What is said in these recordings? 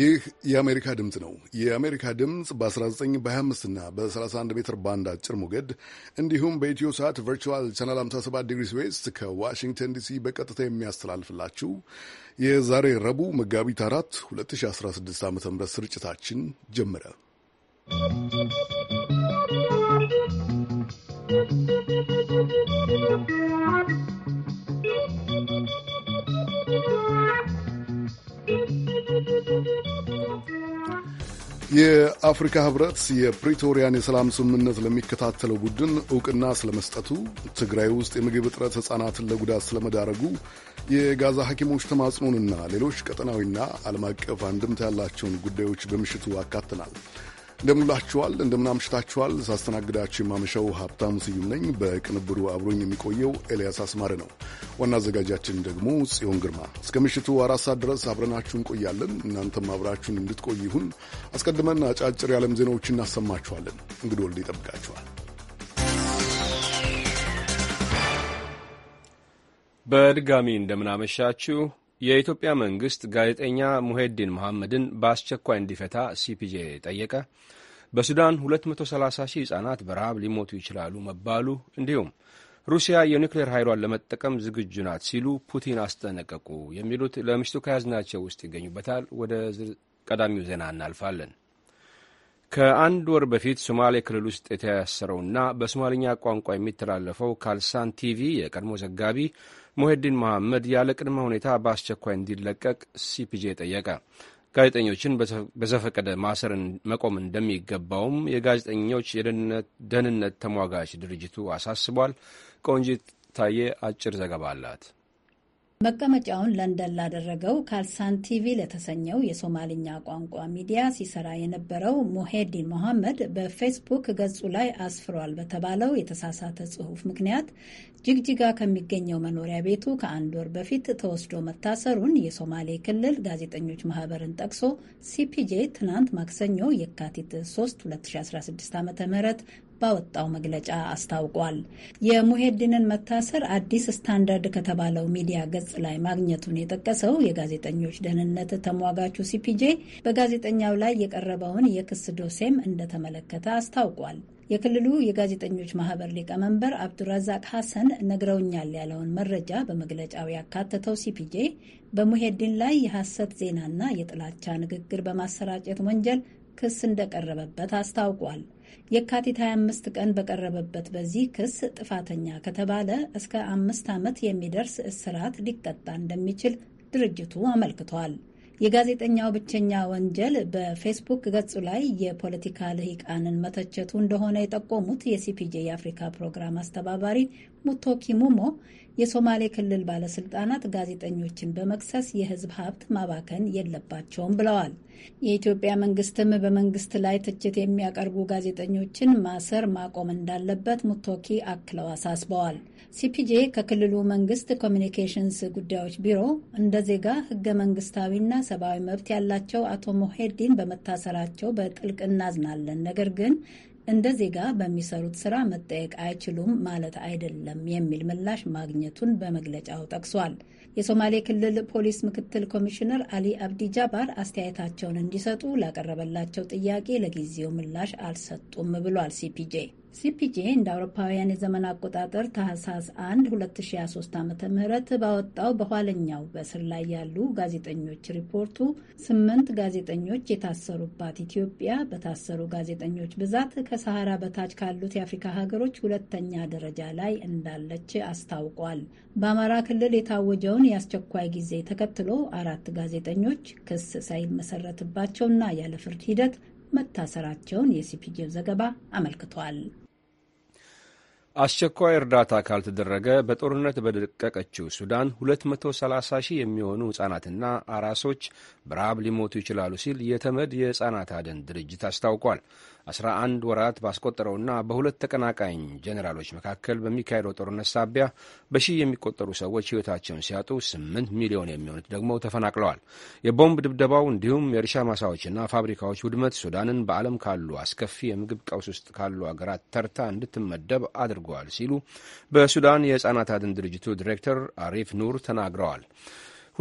ይህ የአሜሪካ ድምፅ ነው። የአሜሪካ ድምፅ በ19 በ25 እና በ31 ሜትር ባንድ አጭር ሞገድ እንዲሁም በኢትዮ ሰዓት ቨርቹዋል ቻናል 57 ዲግሪ ዌስት ከዋሽንግተን ዲሲ በቀጥታ የሚያስተላልፍላችሁ የዛሬ ረቡዕ መጋቢት አራት 2016 ዓ ም ስርጭታችን ጀመረ። የአፍሪካ ህብረት የፕሪቶሪያን የሰላም ስምምነት ለሚከታተለው ቡድን እውቅና ስለመስጠቱ፣ ትግራይ ውስጥ የምግብ እጥረት ሕፃናትን ለጉዳት ስለመዳረጉ፣ የጋዛ ሐኪሞች ተማጽኖንና ሌሎች ቀጠናዊና ዓለም አቀፍ አንድምታ ያላቸውን ጉዳዮች በምሽቱ አካትናል። እንደምንላችኋል እንደምናምሽታችኋል። ሳስተናግዳችሁ የማመሻው ሀብታሙ ስዩም ነኝ። በቅንብሩ አብሮኝ የሚቆየው ኤልያስ አስማረ ነው። ዋና አዘጋጃችን ደግሞ ጽዮን ግርማ። እስከ ምሽቱ አራት ሰዓት ድረስ አብረናችሁ እንቆያለን። እናንተም አብራችሁን እንድትቆይ ይሁን። አስቀድመን አጫጭር የዓለም ዜናዎች እናሰማችኋለን። እንግዲህ ወልድ ይጠብቃችኋል። በድጋሚ እንደምናመሻችሁ የኢትዮጵያ መንግስት ጋዜጠኛ ሙሄዲን መሐመድን በአስቸኳይ እንዲፈታ ሲፒጄ ጠየቀ፣ በሱዳን 230 ሺህ ህጻናት በረሃብ ሊሞቱ ይችላሉ መባሉ፣ እንዲሁም ሩሲያ የኒውክሌር ኃይሏን ለመጠቀም ዝግጁ ናት ሲሉ ፑቲን አስጠነቀቁ የሚሉት ለምሽቱ ከያዝናቸው ውስጥ ይገኙበታል። ወደ ቀዳሚው ዜና እናልፋለን። ከአንድ ወር በፊት ሶማሌ ክልል ውስጥ የተያሰረውና በሶማሌኛ ቋንቋ የሚተላለፈው ካልሳን ቲቪ የቀድሞ ዘጋቢ ሙሄዲን መሐመድ ያለ ቅድመ ሁኔታ በአስቸኳይ እንዲለቀቅ ሲፒጄ ጠየቀ። ጋዜጠኞችን በዘፈቀደ ማሰርን መቆም እንደሚገባውም የጋዜጠኞች ደህንነት ተሟጋች ድርጅቱ አሳስቧል። ቆንጂት ታዬ አጭር ዘገባ አላት። መቀመጫውን ለንደን ላደረገው ካልሳን ቲቪ ለተሰኘው የሶማልኛ ቋንቋ ሚዲያ ሲሰራ የነበረው ሙሄዲን ሞሐመድ በፌስቡክ ገጹ ላይ አስፍሯል በተባለው የተሳሳተ ጽሑፍ ምክንያት ጅግጅጋ ከሚገኘው መኖሪያ ቤቱ ከአንድ ወር በፊት ተወስዶ መታሰሩን የሶማሌ ክልል ጋዜጠኞች ማህበርን ጠቅሶ ሲፒጄ ትናንት ማክሰኞ የካቲት 3 2016 ዓ ም ባወጣው መግለጫ አስታውቋል። የሙሄዲንን መታሰር አዲስ ስታንዳርድ ከተባለው ሚዲያ ገጽ ላይ ማግኘቱን የጠቀሰው የጋዜጠኞች ደህንነት ተሟጋቹ ሲፒጄ በጋዜጠኛው ላይ የቀረበውን የክስ ዶሴም እንደተመለከተ አስታውቋል። የክልሉ የጋዜጠኞች ማህበር ሊቀመንበር አብዱራዛቅ ሐሰን ነግረውኛል ያለውን መረጃ በመግለጫው ያካተተው ሲፒጄ በሙሄዲን ላይ የሐሰት ዜናና የጥላቻ ንግግር በማሰራጨት ወንጀል ክስ እንደቀረበበት አስታውቋል። የካቲት 25 ቀን በቀረበበት በዚህ ክስ ጥፋተኛ ከተባለ እስከ አምስት ዓመት የሚደርስ እስራት ሊቀጣ እንደሚችል ድርጅቱ አመልክቷል። የጋዜጠኛው ብቸኛ ወንጀል በፌስቡክ ገጹ ላይ የፖለቲካ ልሂቃንን መተቸቱ እንደሆነ የጠቆሙት የሲፒጄ የአፍሪካ ፕሮግራም አስተባባሪ ሙቶኪ ሙሞ የሶማሌ ክልል ባለስልጣናት ጋዜጠኞችን በመክሰስ የሕዝብ ሀብት ማባከን የለባቸውም ብለዋል። የኢትዮጵያ መንግስትም በመንግስት ላይ ትችት የሚያቀርቡ ጋዜጠኞችን ማሰር ማቆም እንዳለበት ሙቶኪ አክለው አሳስበዋል። ሲፒጄ ከክልሉ መንግስት ኮሚኒኬሽንስ ጉዳዮች ቢሮ እንደ ዜጋ ህገ መንግስታዊና ሰብአዊ መብት ያላቸው አቶ ሞሄዲን በመታሰራቸው በጥልቅ እናዝናለን፣ ነገር ግን እንደ ዜጋ በሚሰሩት ስራ መጠየቅ አይችሉም ማለት አይደለም የሚል ምላሽ ማግኘቱን በመግለጫው ጠቅሷል። የሶማሌ ክልል ፖሊስ ምክትል ኮሚሽነር አሊ አብዲ ጃባር አስተያየታቸውን እንዲሰጡ ላቀረበላቸው ጥያቄ ለጊዜው ምላሽ አልሰጡም ብሏል ሲፒጄ። ሲፒጄ እንደ አውሮፓውያን የዘመን አቆጣጠር ታህሳስ 1 2023 ዓ ም ባወጣው በኋለኛው በእስር ላይ ያሉ ጋዜጠኞች ሪፖርቱ ስምንት ጋዜጠኞች የታሰሩባት ኢትዮጵያ በታሰሩ ጋዜጠኞች ብዛት ከሰሃራ በታች ካሉት የአፍሪካ ሀገሮች ሁለተኛ ደረጃ ላይ እንዳለች አስታውቋል። በአማራ ክልል የታወጀውን የአስቸኳይ ጊዜ ተከትሎ አራት ጋዜጠኞች ክስ ሳይመሰረትባቸውና ያለ ፍርድ ሂደት መታሰራቸውን የሲፒጄው ዘገባ አመልክቷል። አስቸኳይ እርዳታ ካልተደረገ በጦርነት በደቀቀችው ሱዳን 230 ሺህ የሚሆኑ ሕጻናትና አራሶች በረሃብ ሊሞቱ ይችላሉ ሲል የተመድ የሕጻናት አደን ድርጅት አስታውቋል። 11 ወራት ባስቆጠረውና በሁለት ተቀናቃኝ ጄኔራሎች መካከል በሚካሄደው ጦርነት ሳቢያ በሺህ የሚቆጠሩ ሰዎች ሕይወታቸውን ሲያጡ 8 ሚሊዮን የሚሆኑት ደግሞ ተፈናቅለዋል። የቦምብ ድብደባው እንዲሁም የእርሻ ማሳዎችና ፋብሪካዎች ውድመት ሱዳንን በዓለም ካሉ አስከፊ የምግብ ቀውስ ውስጥ ካሉ አገራት ተርታ እንድትመደብ አድርገዋል ሲሉ በሱዳን የሕፃናት አድን ድርጅቱ ዲሬክተር አሪፍ ኑር ተናግረዋል።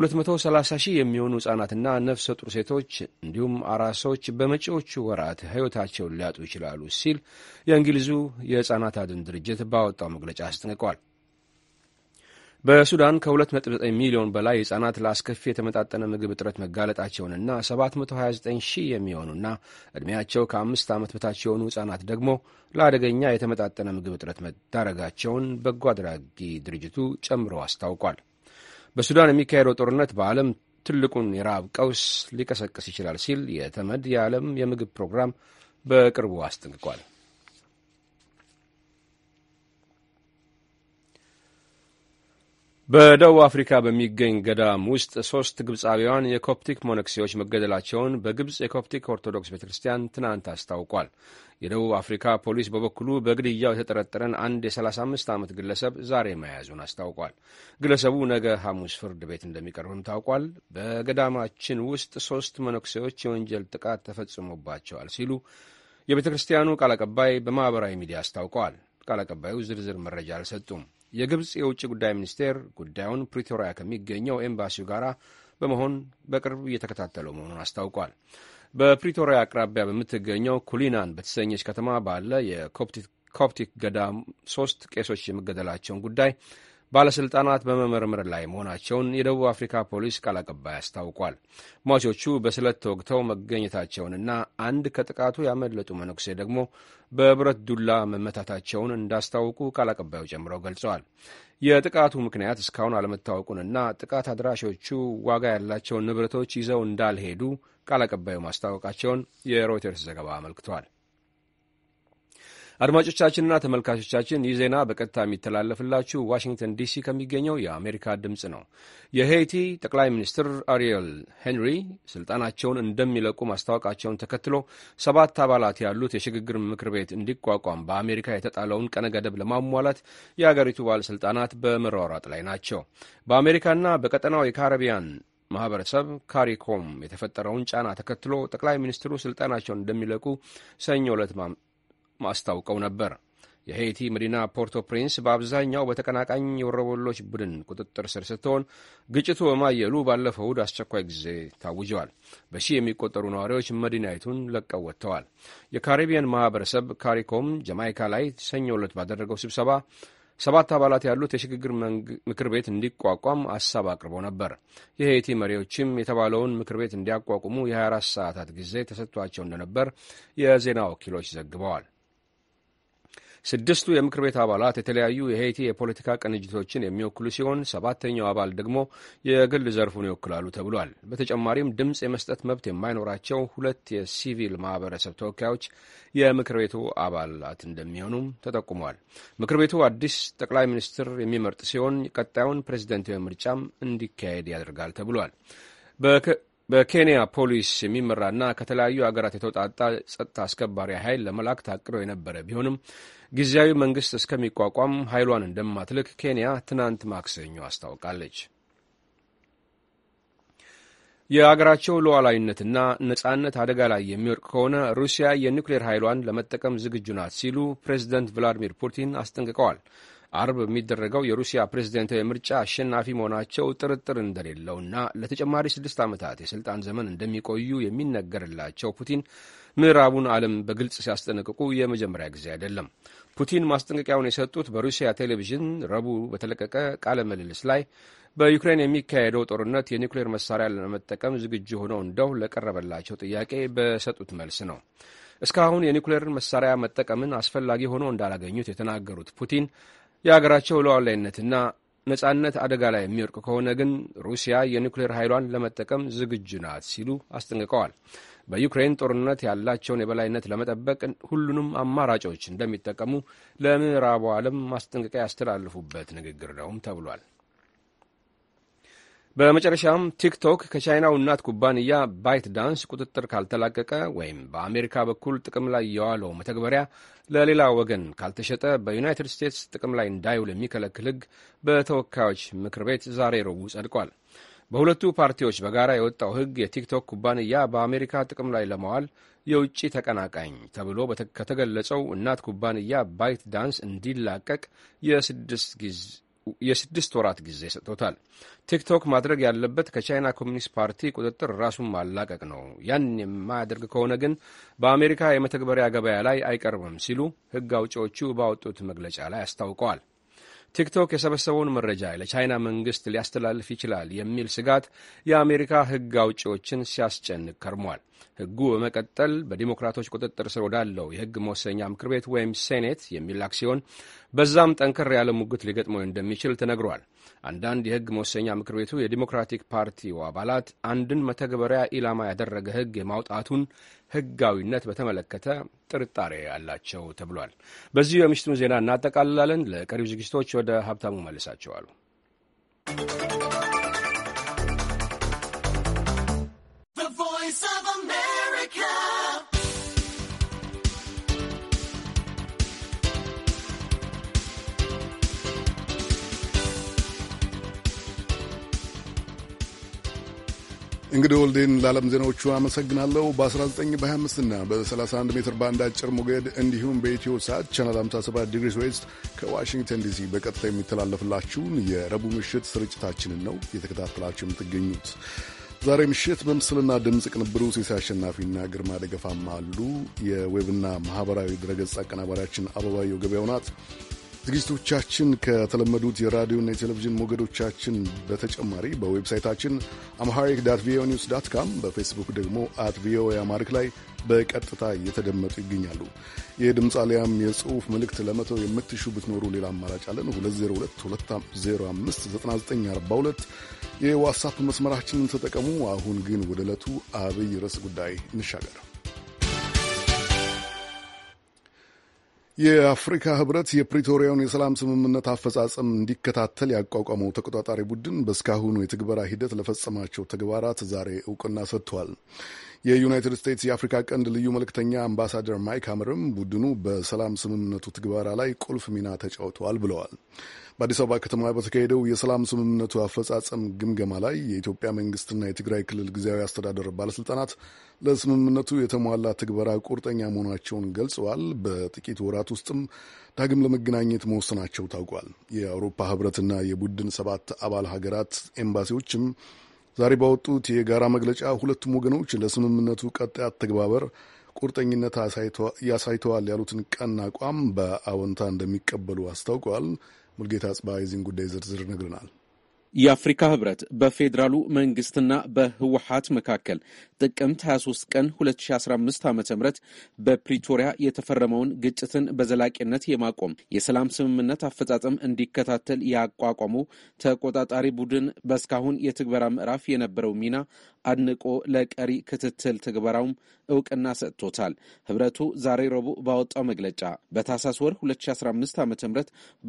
230 ሺህ የሚሆኑ ሕጻናትና ነፍሰ ጡር ሴቶች እንዲሁም አራሶች በመጪዎቹ ወራት ሕይወታቸውን ሊያጡ ይችላሉ ሲል የእንግሊዙ የሕፃናት አድን ድርጅት ባወጣው መግለጫ አስጠንቅቋል። በሱዳን ከ2.9 ሚሊዮን በላይ ሕጻናት ለአስከፊ የተመጣጠነ ምግብ እጥረት መጋለጣቸውንና 729 ሺህ የሚሆኑና ዕድሜያቸው ከአምስት ዓመት በታች የሆኑ ሕጻናት ደግሞ ለአደገኛ የተመጣጠነ ምግብ እጥረት መዳረጋቸውን በጎ አድራጊ ድርጅቱ ጨምሮ አስታውቋል። በሱዳን የሚካሄደው ጦርነት በዓለም ትልቁን የረሃብ ቀውስ ሊቀሰቅስ ይችላል ሲል የተመድ የዓለም የምግብ ፕሮግራም በቅርቡ አስጠንቅቋል። በደቡብ አፍሪካ በሚገኝ ገዳም ውስጥ ሦስት ግብፃውያን የኮፕቲክ ሞነክሴዎች መገደላቸውን በግብፅ የኮፕቲክ ኦርቶዶክስ ቤተ ክርስቲያን ትናንት አስታውቋል። የደቡብ አፍሪካ ፖሊስ በበኩሉ በግድያው የተጠረጠረን አንድ የ35 ዓመት ግለሰብ ዛሬ መያዙን አስታውቋል። ግለሰቡ ነገ ሐሙስ ፍርድ ቤት እንደሚቀርብም ታውቋል። በገዳማችን ውስጥ ሦስት መነኩሴዎች የወንጀል ጥቃት ተፈጽሞባቸዋል ሲሉ የቤተ ክርስቲያኑ ቃል አቀባይ በማኅበራዊ ሚዲያ አስታውቀዋል። ቃል አቀባዩ ዝርዝር መረጃ አልሰጡም። የግብፅ የውጭ ጉዳይ ሚኒስቴር ጉዳዩን ፕሪቶሪያ ከሚገኘው ኤምባሲው ጋር በመሆን በቅርብ እየተከታተለው መሆኑን አስታውቋል። በፕሪቶሪያ አቅራቢያ በምትገኘው ኩሊናን በተሰኘች ከተማ ባለ የኮፕቲክ ገዳም ሶስት ቄሶች የመገደላቸውን ጉዳይ ባለሥልጣናት በመመርመር ላይ መሆናቸውን የደቡብ አፍሪካ ፖሊስ ቃል አቀባይ አስታውቋል። ሟቾቹ በስለት ተወግተው መገኘታቸውንና አንድ ከጥቃቱ ያመለጡ መነኩሴ ደግሞ በብረት ዱላ መመታታቸውን እንዳስታውቁ ቃል አቀባዩ ጨምረው ገልጸዋል። የጥቃቱ ምክንያት እስካሁን አለመታወቁንና ጥቃት አድራሾቹ ዋጋ ያላቸውን ንብረቶች ይዘው እንዳልሄዱ ቃል አቀባዩ ማስታወቃቸውን የሮይተርስ ዘገባ አመልክቷል። አድማጮቻችንና ተመልካቾቻችን ይህ ዜና በቀጥታ የሚተላለፍላችሁ ዋሽንግተን ዲሲ ከሚገኘው የአሜሪካ ድምፅ ነው። የሄይቲ ጠቅላይ ሚኒስትር አሪየል ሄንሪ ስልጣናቸውን እንደሚለቁ ማስታወቃቸውን ተከትሎ ሰባት አባላት ያሉት የሽግግር ምክር ቤት እንዲቋቋም በአሜሪካ የተጣለውን ቀነ ገደብ ለማሟላት የአገሪቱ ባለሥልጣናት በመሯሯጥ ላይ ናቸው። በአሜሪካና በቀጠናው የካረቢያን ማህበረሰብ ካሪኮም የተፈጠረውን ጫና ተከትሎ ጠቅላይ ሚኒስትሩ ስልጣናቸውን እንደሚለቁ ሰኞ ዕለት አስታውቀው ነበር። የሄይቲ መዲና ፖርቶ ፕሪንስ በአብዛኛው በተቀናቃኝ የወሮበሎች ቡድን ቁጥጥር ስር ስትሆን ግጭቱ በማየሉ ባለፈው እሁድ አስቸኳይ ጊዜ ታውጀዋል። በሺህ የሚቆጠሩ ነዋሪዎች መዲናይቱን ለቀው ወጥተዋል። የካሪቢያን ማህበረሰብ ካሪኮም ጀማይካ ላይ ሰኞ ዕለት ባደረገው ስብሰባ ሰባት አባላት ያሉት የሽግግር ምክር ቤት እንዲቋቋም ሀሳብ አቅርቦ ነበር። የሄይቲ መሪዎችም የተባለውን ምክር ቤት እንዲያቋቁሙ የ24 ሰዓታት ጊዜ ተሰጥቷቸው እንደነበር የዜና ወኪሎች ዘግበዋል። ስድስቱ የምክር ቤት አባላት የተለያዩ የሄይቲ የፖለቲካ ቅንጅቶችን የሚወክሉ ሲሆን ሰባተኛው አባል ደግሞ የግል ዘርፉን ይወክላሉ ተብሏል። በተጨማሪም ድምፅ የመስጠት መብት የማይኖራቸው ሁለት የሲቪል ማህበረሰብ ተወካዮች የምክር ቤቱ አባላት እንደሚሆኑም ተጠቁመዋል። ምክር ቤቱ አዲስ ጠቅላይ ሚኒስትር የሚመርጥ ሲሆን ቀጣዩን ፕሬዚደንታዊ ምርጫም እንዲካሄድ ያደርጋል ተብሏል። በኬንያ ፖሊስ የሚመራና ከተለያዩ ሀገራት የተውጣጣ ጸጥታ አስከባሪ ኃይል ለመላክ ታቅዶ የነበረ ቢሆንም ጊዜያዊ መንግስት እስከሚቋቋም ኃይሏን እንደማትልክ ኬንያ ትናንት ማክሰኞ አስታውቃለች። የአገራቸው ሉዓላዊነትና ነጻነት አደጋ ላይ የሚወድቅ ከሆነ ሩሲያ የኒውክሌር ኃይሏን ለመጠቀም ዝግጁ ናት ሲሉ ፕሬዚደንት ቭላዲሚር ፑቲን አስጠንቅቀዋል። አርብ የሚደረገው የሩሲያ ፕሬዝደንታዊ ምርጫ አሸናፊ መሆናቸው ጥርጥር እንደሌለውና ለተጨማሪ ስድስት ዓመታት የሥልጣን ዘመን እንደሚቆዩ የሚነገርላቸው ፑቲን ምዕራቡን ዓለም በግልጽ ሲያስጠነቅቁ የመጀመሪያ ጊዜ አይደለም። ፑቲን ማስጠንቀቂያውን የሰጡት በሩሲያ ቴሌቪዥን ረቡዕ በተለቀቀ ቃለ ምልልስ ላይ በዩክሬን የሚካሄደው ጦርነት የኒውክሌር መሳሪያ ለመጠቀም ዝግጁ ሆነው እንደው ለቀረበላቸው ጥያቄ በሰጡት መልስ ነው። እስካሁን የኒውክሌር መሳሪያ መጠቀምን አስፈላጊ ሆኖ እንዳላገኙት የተናገሩት ፑቲን የአገራቸው ሉዓላዊነትና ነጻነት አደጋ ላይ የሚወድቅ ከሆነ ግን ሩሲያ የኒውክሌር ኃይሏን ለመጠቀም ዝግጁ ናት ሲሉ አስጠንቅቀዋል። በዩክሬን ጦርነት ያላቸውን የበላይነት ለመጠበቅ ሁሉንም አማራጮች እንደሚጠቀሙ ለምዕራቡ ዓለም ማስጠንቀቂያ ያስተላልፉበት ንግግር ነውም ተብሏል። በመጨረሻም ቲክቶክ ከቻይናው እናት ኩባንያ ባይት ዳንስ ቁጥጥር ካልተላቀቀ ወይም በአሜሪካ በኩል ጥቅም ላይ የዋለው መተግበሪያ ለሌላ ወገን ካልተሸጠ በዩናይትድ ስቴትስ ጥቅም ላይ እንዳይውል የሚከለክል ሕግ በተወካዮች ምክር ቤት ዛሬ ረቡዕ ጸድቋል። በሁለቱ ፓርቲዎች በጋራ የወጣው ሕግ የቲክቶክ ኩባንያ በአሜሪካ ጥቅም ላይ ለመዋል የውጭ ተቀናቃኝ ተብሎ ከተገለጸው እናት ኩባንያ ባይት ዳንስ እንዲላቀቅ የስድስት ጊዜ የስድስት ወራት ጊዜ ሰጥቶታል። ቲክቶክ ማድረግ ያለበት ከቻይና ኮሚኒስት ፓርቲ ቁጥጥር ራሱን ማላቀቅ ነው። ያን የማያደርግ ከሆነ ግን በአሜሪካ የመተግበሪያ ገበያ ላይ አይቀርብም ሲሉ ሕግ አውጪዎቹ ባወጡት መግለጫ ላይ አስታውቀዋል። ቲክቶክ የሰበሰበውን መረጃ ለቻይና መንግስት ሊያስተላልፍ ይችላል የሚል ስጋት የአሜሪካ ሕግ አውጪዎችን ሲያስጨንቅ ከርሟል። ህጉ በመቀጠል በዲሞክራቶች ቁጥጥር ስር ወዳለው የህግ መወሰኛ ምክር ቤት ወይም ሴኔት የሚላክ ሲሆን በዛም ጠንከር ያለ ሙግት ሊገጥመው እንደሚችል ተነግሯል። አንዳንድ የህግ መወሰኛ ምክር ቤቱ የዲሞክራቲክ ፓርቲው አባላት አንድን መተግበሪያ ኢላማ ያደረገ ህግ የማውጣቱን ህጋዊነት በተመለከተ ጥርጣሬ አላቸው ተብሏል። በዚሁ የምሽቱን ዜና እናጠቃልላለን። ለቀሪው ዝግጅቶች ወደ ሀብታሙ መልሳቸዋሉ። እንግዲህ ወልዴን ለዓለም ዜናዎቹ አመሰግናለሁ። በ19 በ25 እና በ31 ሜትር ባንድ አጭር ሞገድ እንዲሁም በኢትዮ ሰዓት ቻናል 57 ዲግሪ ዌስት ከዋሽንግተን ዲሲ በቀጥታ የሚተላለፍላችሁን የረቡዕ ምሽት ስርጭታችንን ነው እየተከታተላችሁ የምትገኙት። ዛሬ ምሽት በምስልና ድምፅ ቅንብሩ ሴሴ አሸናፊና ግርማ ደገፋም አሉ። የዌብና ማህበራዊ ድረገጽ አቀናባሪያችን አበባየው ገበያው ናት። ዝግጅቶቻችን ከተለመዱት የራዲዮና የቴሌቪዥን ሞገዶቻችን በተጨማሪ በዌብሳይታችን አምሃሪክ ዳት ቪኦ ኒውስ ዳት ካም በፌስቡክ ደግሞ አት ቪኦኤ አማሪክ ላይ በቀጥታ እየተደመጡ ይገኛሉ። የድምፅ አሊያም የጽሑፍ መልእክት ለመተው የምትሹ ብትኖሩ ሌላ አማራጭ አለን። 2022059942 የዋትሳፕ መስመራችንን ተጠቀሙ። አሁን ግን ወደ ዕለቱ አብይ ርዕስ ጉዳይ እንሻገር። የአፍሪካ ህብረት የፕሪቶሪያውን የሰላም ስምምነት አፈጻጸም እንዲከታተል ያቋቋመው ተቆጣጣሪ ቡድን በእስካሁኑ የትግበራ ሂደት ለፈጸማቸው ተግባራት ዛሬ እውቅና ሰጥቷል። የዩናይትድ ስቴትስ የአፍሪካ ቀንድ ልዩ መልእክተኛ አምባሳደር ማይክ አምርም ቡድኑ በሰላም ስምምነቱ ትግበራ ላይ ቁልፍ ሚና ተጫውተዋል ብለዋል። በአዲስ አበባ ከተማ በተካሄደው የሰላም ስምምነቱ አፈጻጸም ግምገማ ላይ የኢትዮጵያ መንግስትና የትግራይ ክልል ጊዜያዊ አስተዳደር ባለስልጣናት ለስምምነቱ የተሟላ ትግበራ ቁርጠኛ መሆናቸውን ገልጸዋል። በጥቂት ወራት ውስጥም ዳግም ለመገናኘት መወሰናቸው ታውቋል። የአውሮፓ ህብረትና የቡድን ሰባት አባል ሀገራት ኤምባሲዎችም ዛሬ ባወጡት የጋራ መግለጫ ሁለቱም ወገኖች ለስምምነቱ ቀጣይ አተግባበር ቁርጠኝነት ያሳይተዋል ያሉትን ቀና አቋም በአዎንታ እንደሚቀበሉ አስታውቀዋል። ሙልጌታ ጽባ የዚህን ጉዳይ ዝርዝር ነግረናል። የአፍሪካ ህብረት በፌዴራሉ መንግስትና በህወሀት መካከል ጥቅምት 23 ቀን 2015 ዓ ም በፕሪቶሪያ የተፈረመውን ግጭትን በዘላቂነት የማቆም የሰላም ስምምነት አፈጻጸም እንዲከታተል ያቋቋመው ተቆጣጣሪ ቡድን በእስካሁን የትግበራ ምዕራፍ የነበረው ሚና አድንቆ ለቀሪ ክትትል ትግበራውም እውቅና ሰጥቶታል። ህብረቱ ዛሬ ረቡዕ ባወጣው መግለጫ በታሳስ ወር 2015 ዓ ም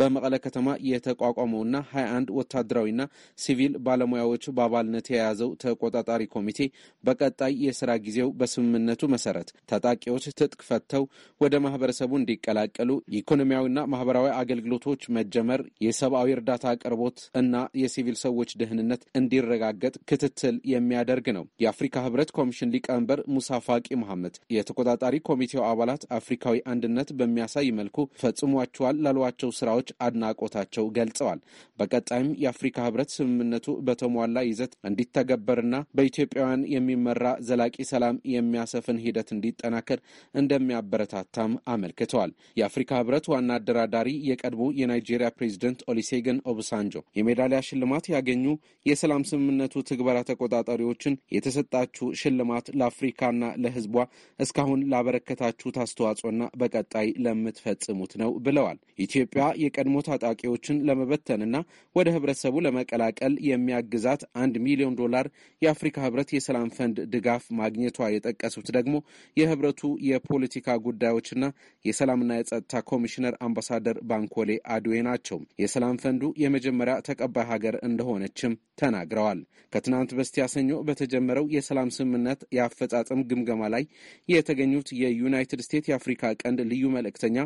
በመቀለ ከተማ የተቋቋመውና 21 ወታደራዊና ሲቪል ባለሙያዎች በአባልነት የያዘው ተቆጣጣሪ ኮሚቴ በቀጥ በቀጣይ የስራ ጊዜው በስምምነቱ መሰረት ታጣቂዎች ትጥቅ ፈተው ወደ ማህበረሰቡ እንዲቀላቀሉ የኢኮኖሚያዊና ማህበራዊ አገልግሎቶች መጀመር፣ የሰብአዊ እርዳታ አቅርቦት እና የሲቪል ሰዎች ደህንነት እንዲረጋገጥ ክትትል የሚያደርግ ነው። የአፍሪካ ህብረት ኮሚሽን ሊቀመንበር ሙሳ ፋቂ መሐመድ የተቆጣጣሪ ኮሚቴው አባላት አፍሪካዊ አንድነት በሚያሳይ መልኩ ፈጽሟቸዋል ላሏቸው ስራዎች አድናቆታቸው ገልጸዋል። በቀጣይም የአፍሪካ ህብረት ስምምነቱ በተሟላ ይዘት እንዲተገበርና በኢትዮጵያውያን የሚመራ ዘላቂ ሰላም የሚያሰፍን ሂደት እንዲጠናከር እንደሚያበረታታም አመልክተዋል። የአፍሪካ ህብረት ዋና አደራዳሪ የቀድሞ የናይጄሪያ ፕሬዚደንት ኦሊሴገን ኦብሳንጆ የሜዳሊያ ሽልማት ያገኙ የሰላም ስምምነቱ ትግበራ ተቆጣጣሪዎችን የተሰጣችሁ ሽልማት ለአፍሪካና ለህዝቧ እስካሁን ላበረከታችሁት አስተዋጽኦና በቀጣይ ለምትፈጽሙት ነው ብለዋል። ኢትዮጵያ የቀድሞ ታጣቂዎችን ለመበተንና ወደ ህብረተሰቡ ለመቀላቀል የሚያግዛት አንድ ሚሊዮን ዶላር የአፍሪካ ህብረት የሰላም ፈንድ ድጋፍ ማግኘቷ የጠቀሱት ደግሞ የህብረቱ የፖለቲካ ጉዳዮችና የሰላምና የጸጥታ ኮሚሽነር አምባሳደር ባንኮሌ አድዌ ናቸው። የሰላም ፈንዱ የመጀመሪያ ተቀባይ ሀገር እንደሆነችም ተናግረዋል። ከትናንት በስቲያ ሰኞ በተጀመረው የሰላም ስምምነት የአፈጻጸም ግምገማ ላይ የተገኙት የዩናይትድ ስቴትስ የአፍሪካ ቀንድ ልዩ መልእክተኛ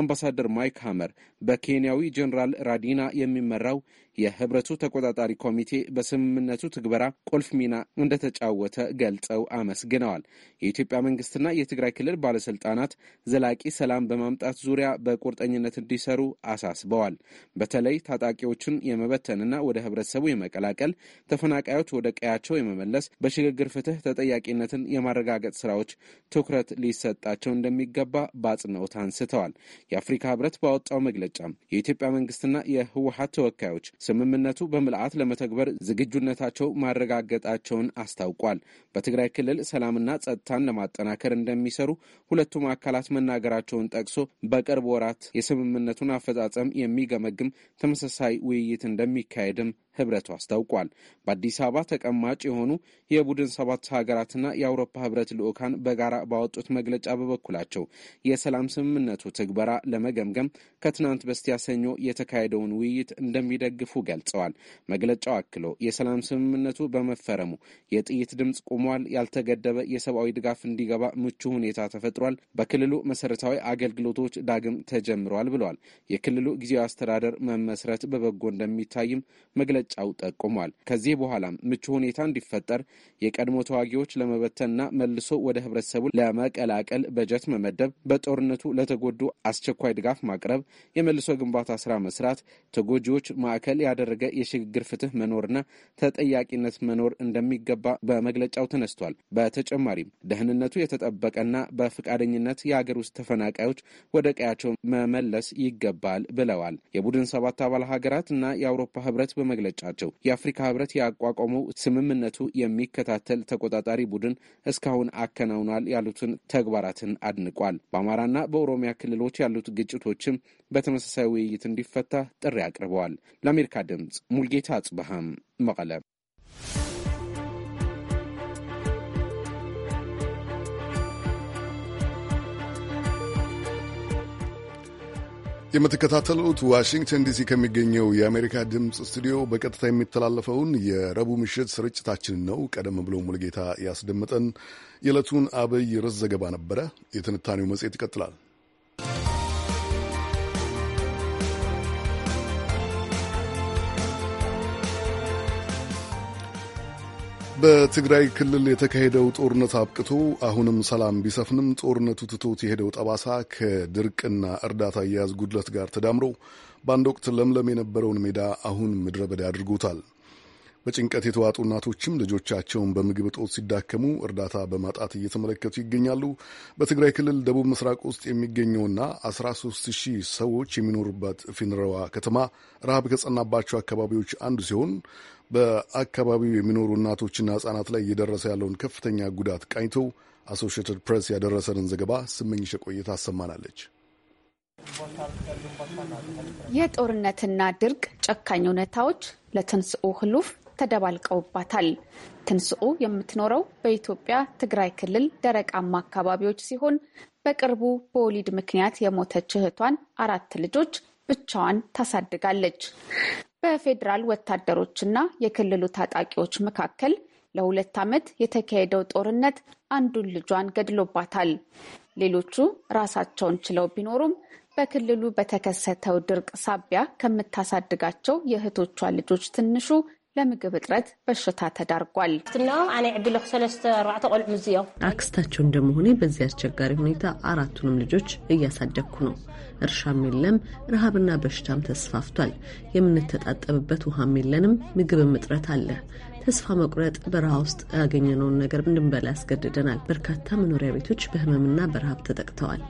አምባሳደር ማይክ ሀመር በኬንያዊ ጀኔራል ራዲና የሚመራው የህብረቱ ተቆጣጣሪ ኮሚቴ በስምምነቱ ትግበራ ቁልፍ ሚና እንደተጫወተ ገልጸው አመስግነዋል። የኢትዮጵያ መንግስትና የትግራይ ክልል ባለስልጣናት ዘላቂ ሰላም በማምጣት ዙሪያ በቁርጠኝነት እንዲሰሩ አሳስበዋል። በተለይ ታጣቂዎቹን የመበተንና ወደ ህብረተሰቡ የመቀላቀል ተፈናቃዮች ወደ ቀያቸው የመመለስ በሽግግር ፍትህ ተጠያቂነትን የማረጋገጥ ስራዎች ትኩረት ሊሰጣቸው እንደሚገባ በአጽንኦት አንስተዋል። የአፍሪካ ህብረት ባወጣው መግለጫም የኢትዮጵያ መንግስትና የህወሀት ተወካዮች ስምምነቱ በምልአት ለመተግበር ዝግጁነታቸው ማረጋገጣቸውን አስታውቋል። በትግራይ ክልል ሰላምና ጸጥታን ለማጠናከር እንደሚሰሩ ሁለቱም አካላት መናገራቸውን ጠቅሶ በቅርብ ወራት የስምምነቱን አፈጻጸም የሚገመግም ተመሳሳይ ውይይት እንደሚካሄድም ህብረቱ አስታውቋል። በአዲስ አበባ ተቀማጭ የሆኑ የቡድን ሰባት ሀገራትና የአውሮፓ ህብረት ልዑካን በጋራ ባወጡት መግለጫ በበኩላቸው የሰላም ስምምነቱ ትግበራ ለመገምገም ከትናንት በስቲያ ሰኞ የተካሄደውን ውይይት እንደሚደግፉ ገልጸዋል። መግለጫው አክሎ የሰላም ስምምነቱ በመፈረሙ የጥይት ድምፅ ቆሟል፣ ያልተገደበ የሰብአዊ ድጋፍ እንዲገባ ምቹ ሁኔታ ተፈጥሯል፣ በክልሉ መሰረታዊ አገልግሎቶች ዳግም ተጀምረዋል ብለዋል። የክልሉ ጊዜያዊ አስተዳደር መመስረት በበጎ እንደሚታይም መግለ ረጫው ጠቁሟል። ከዚህ በኋላም ምቹ ሁኔታ እንዲፈጠር የቀድሞ ተዋጊዎች ለመበተንና መልሶ ወደ ህብረተሰቡ ለመቀላቀል በጀት መመደብ፣ በጦርነቱ ለተጎዱ አስቸኳይ ድጋፍ ማቅረብ፣ የመልሶ ግንባታ ስራ መስራት፣ ተጎጂዎች ማዕከል ያደረገ የሽግግር ፍትህ መኖርና ተጠያቂነት መኖር እንደሚገባ በመግለጫው ተነስቷል። በተጨማሪም ደህንነቱ የተጠበቀና በፈቃደኝነት የአገር ውስጥ ተፈናቃዮች ወደ ቀያቸው መመለስ ይገባል ብለዋል። የቡድን ሰባት አባል ሀገራት እና የአውሮፓ ህብረት በመግለጫ ገለጫቸው። የአፍሪካ ህብረት ያቋቋመው ስምምነቱ የሚከታተል ተቆጣጣሪ ቡድን እስካሁን አከናውኗል ያሉትን ተግባራትን አድንቋል። በአማራና በኦሮሚያ ክልሎች ያሉት ግጭቶችም በተመሳሳይ ውይይት እንዲፈታ ጥሪ አቅርበዋል። ለአሜሪካ ድምጽ ሙልጌታ አጽበሃም መቀለም የምትከታተሉት ዋሽንግተን ዲሲ ከሚገኘው የአሜሪካ ድምፅ ስቱዲዮ በቀጥታ የሚተላለፈውን የረቡዕ ምሽት ስርጭታችን ነው። ቀደም ብሎ ሙልጌታ ያስደመጠን የዕለቱን አብይ ርዕስ ዘገባ ነበረ። የትንታኔው መጽሔት ይቀጥላል። በትግራይ ክልል የተካሄደው ጦርነት አብቅቶ አሁንም ሰላም ቢሰፍንም ጦርነቱ ትቶት የሄደው ጠባሳ ከድርቅና እርዳታ አያያዝ ጉድለት ጋር ተዳምሮ በአንድ ወቅት ለምለም የነበረውን ሜዳ አሁን ምድረ በዳ አድርጎታል። በጭንቀት የተዋጡ እናቶችም ልጆቻቸውን በምግብ እጦት ሲዳከሙ እርዳታ በማጣት እየተመለከቱ ይገኛሉ። በትግራይ ክልል ደቡብ ምስራቅ ውስጥ የሚገኘውና 13 ሺህ ሰዎች የሚኖሩበት ፊንረዋ ከተማ ረሃብ ከጸናባቸው አካባቢዎች አንዱ ሲሆን በአካባቢው የሚኖሩ እናቶችና ህጻናት ላይ እየደረሰ ያለውን ከፍተኛ ጉዳት ቃኝቶ አሶሽትድ ፕሬስ ያደረሰንን ዘገባ ስመኝሸ ቆይታ አሰማናለች። የጦርነትና ድርቅ ጨካኝ እውነታዎች ለትንስኡ ህሉፍ ተደባልቀውባታል። ትንስኡ የምትኖረው በኢትዮጵያ ትግራይ ክልል ደረቃማ አካባቢዎች ሲሆን በቅርቡ በወሊድ ምክንያት የሞተች እህቷን አራት ልጆች ብቻዋን ታሳድጋለች። በፌዴራል ወታደሮችና የክልሉ ታጣቂዎች መካከል ለሁለት ዓመት የተካሄደው ጦርነት አንዱን ልጇን ገድሎባታል። ሌሎቹ ራሳቸውን ችለው ቢኖሩም በክልሉ በተከሰተው ድርቅ ሳቢያ ከምታሳድጋቸው የእህቶቿ ልጆች ትንሹ ለምግብ እጥረት በሽታ ተዳርጓል። አክስታቸው እንደመሆኔ በዚህ አስቸጋሪ ሁኔታ አራቱንም ልጆች እያሳደግኩ ነው። እርሻም የለም፣ ረሃብና በሽታም ተስፋፍቷል። የምንተጣጠብበት ውሃም የለንም፣ ምግብም እጥረት አለ። ተስፋ መቁረጥ በረሃ ውስጥ ያገኘነውን ነገር እንድንበላ ያስገድደናል። በርካታ መኖሪያ ቤቶች በህመምና በረሃብ ተጠቅተዋል።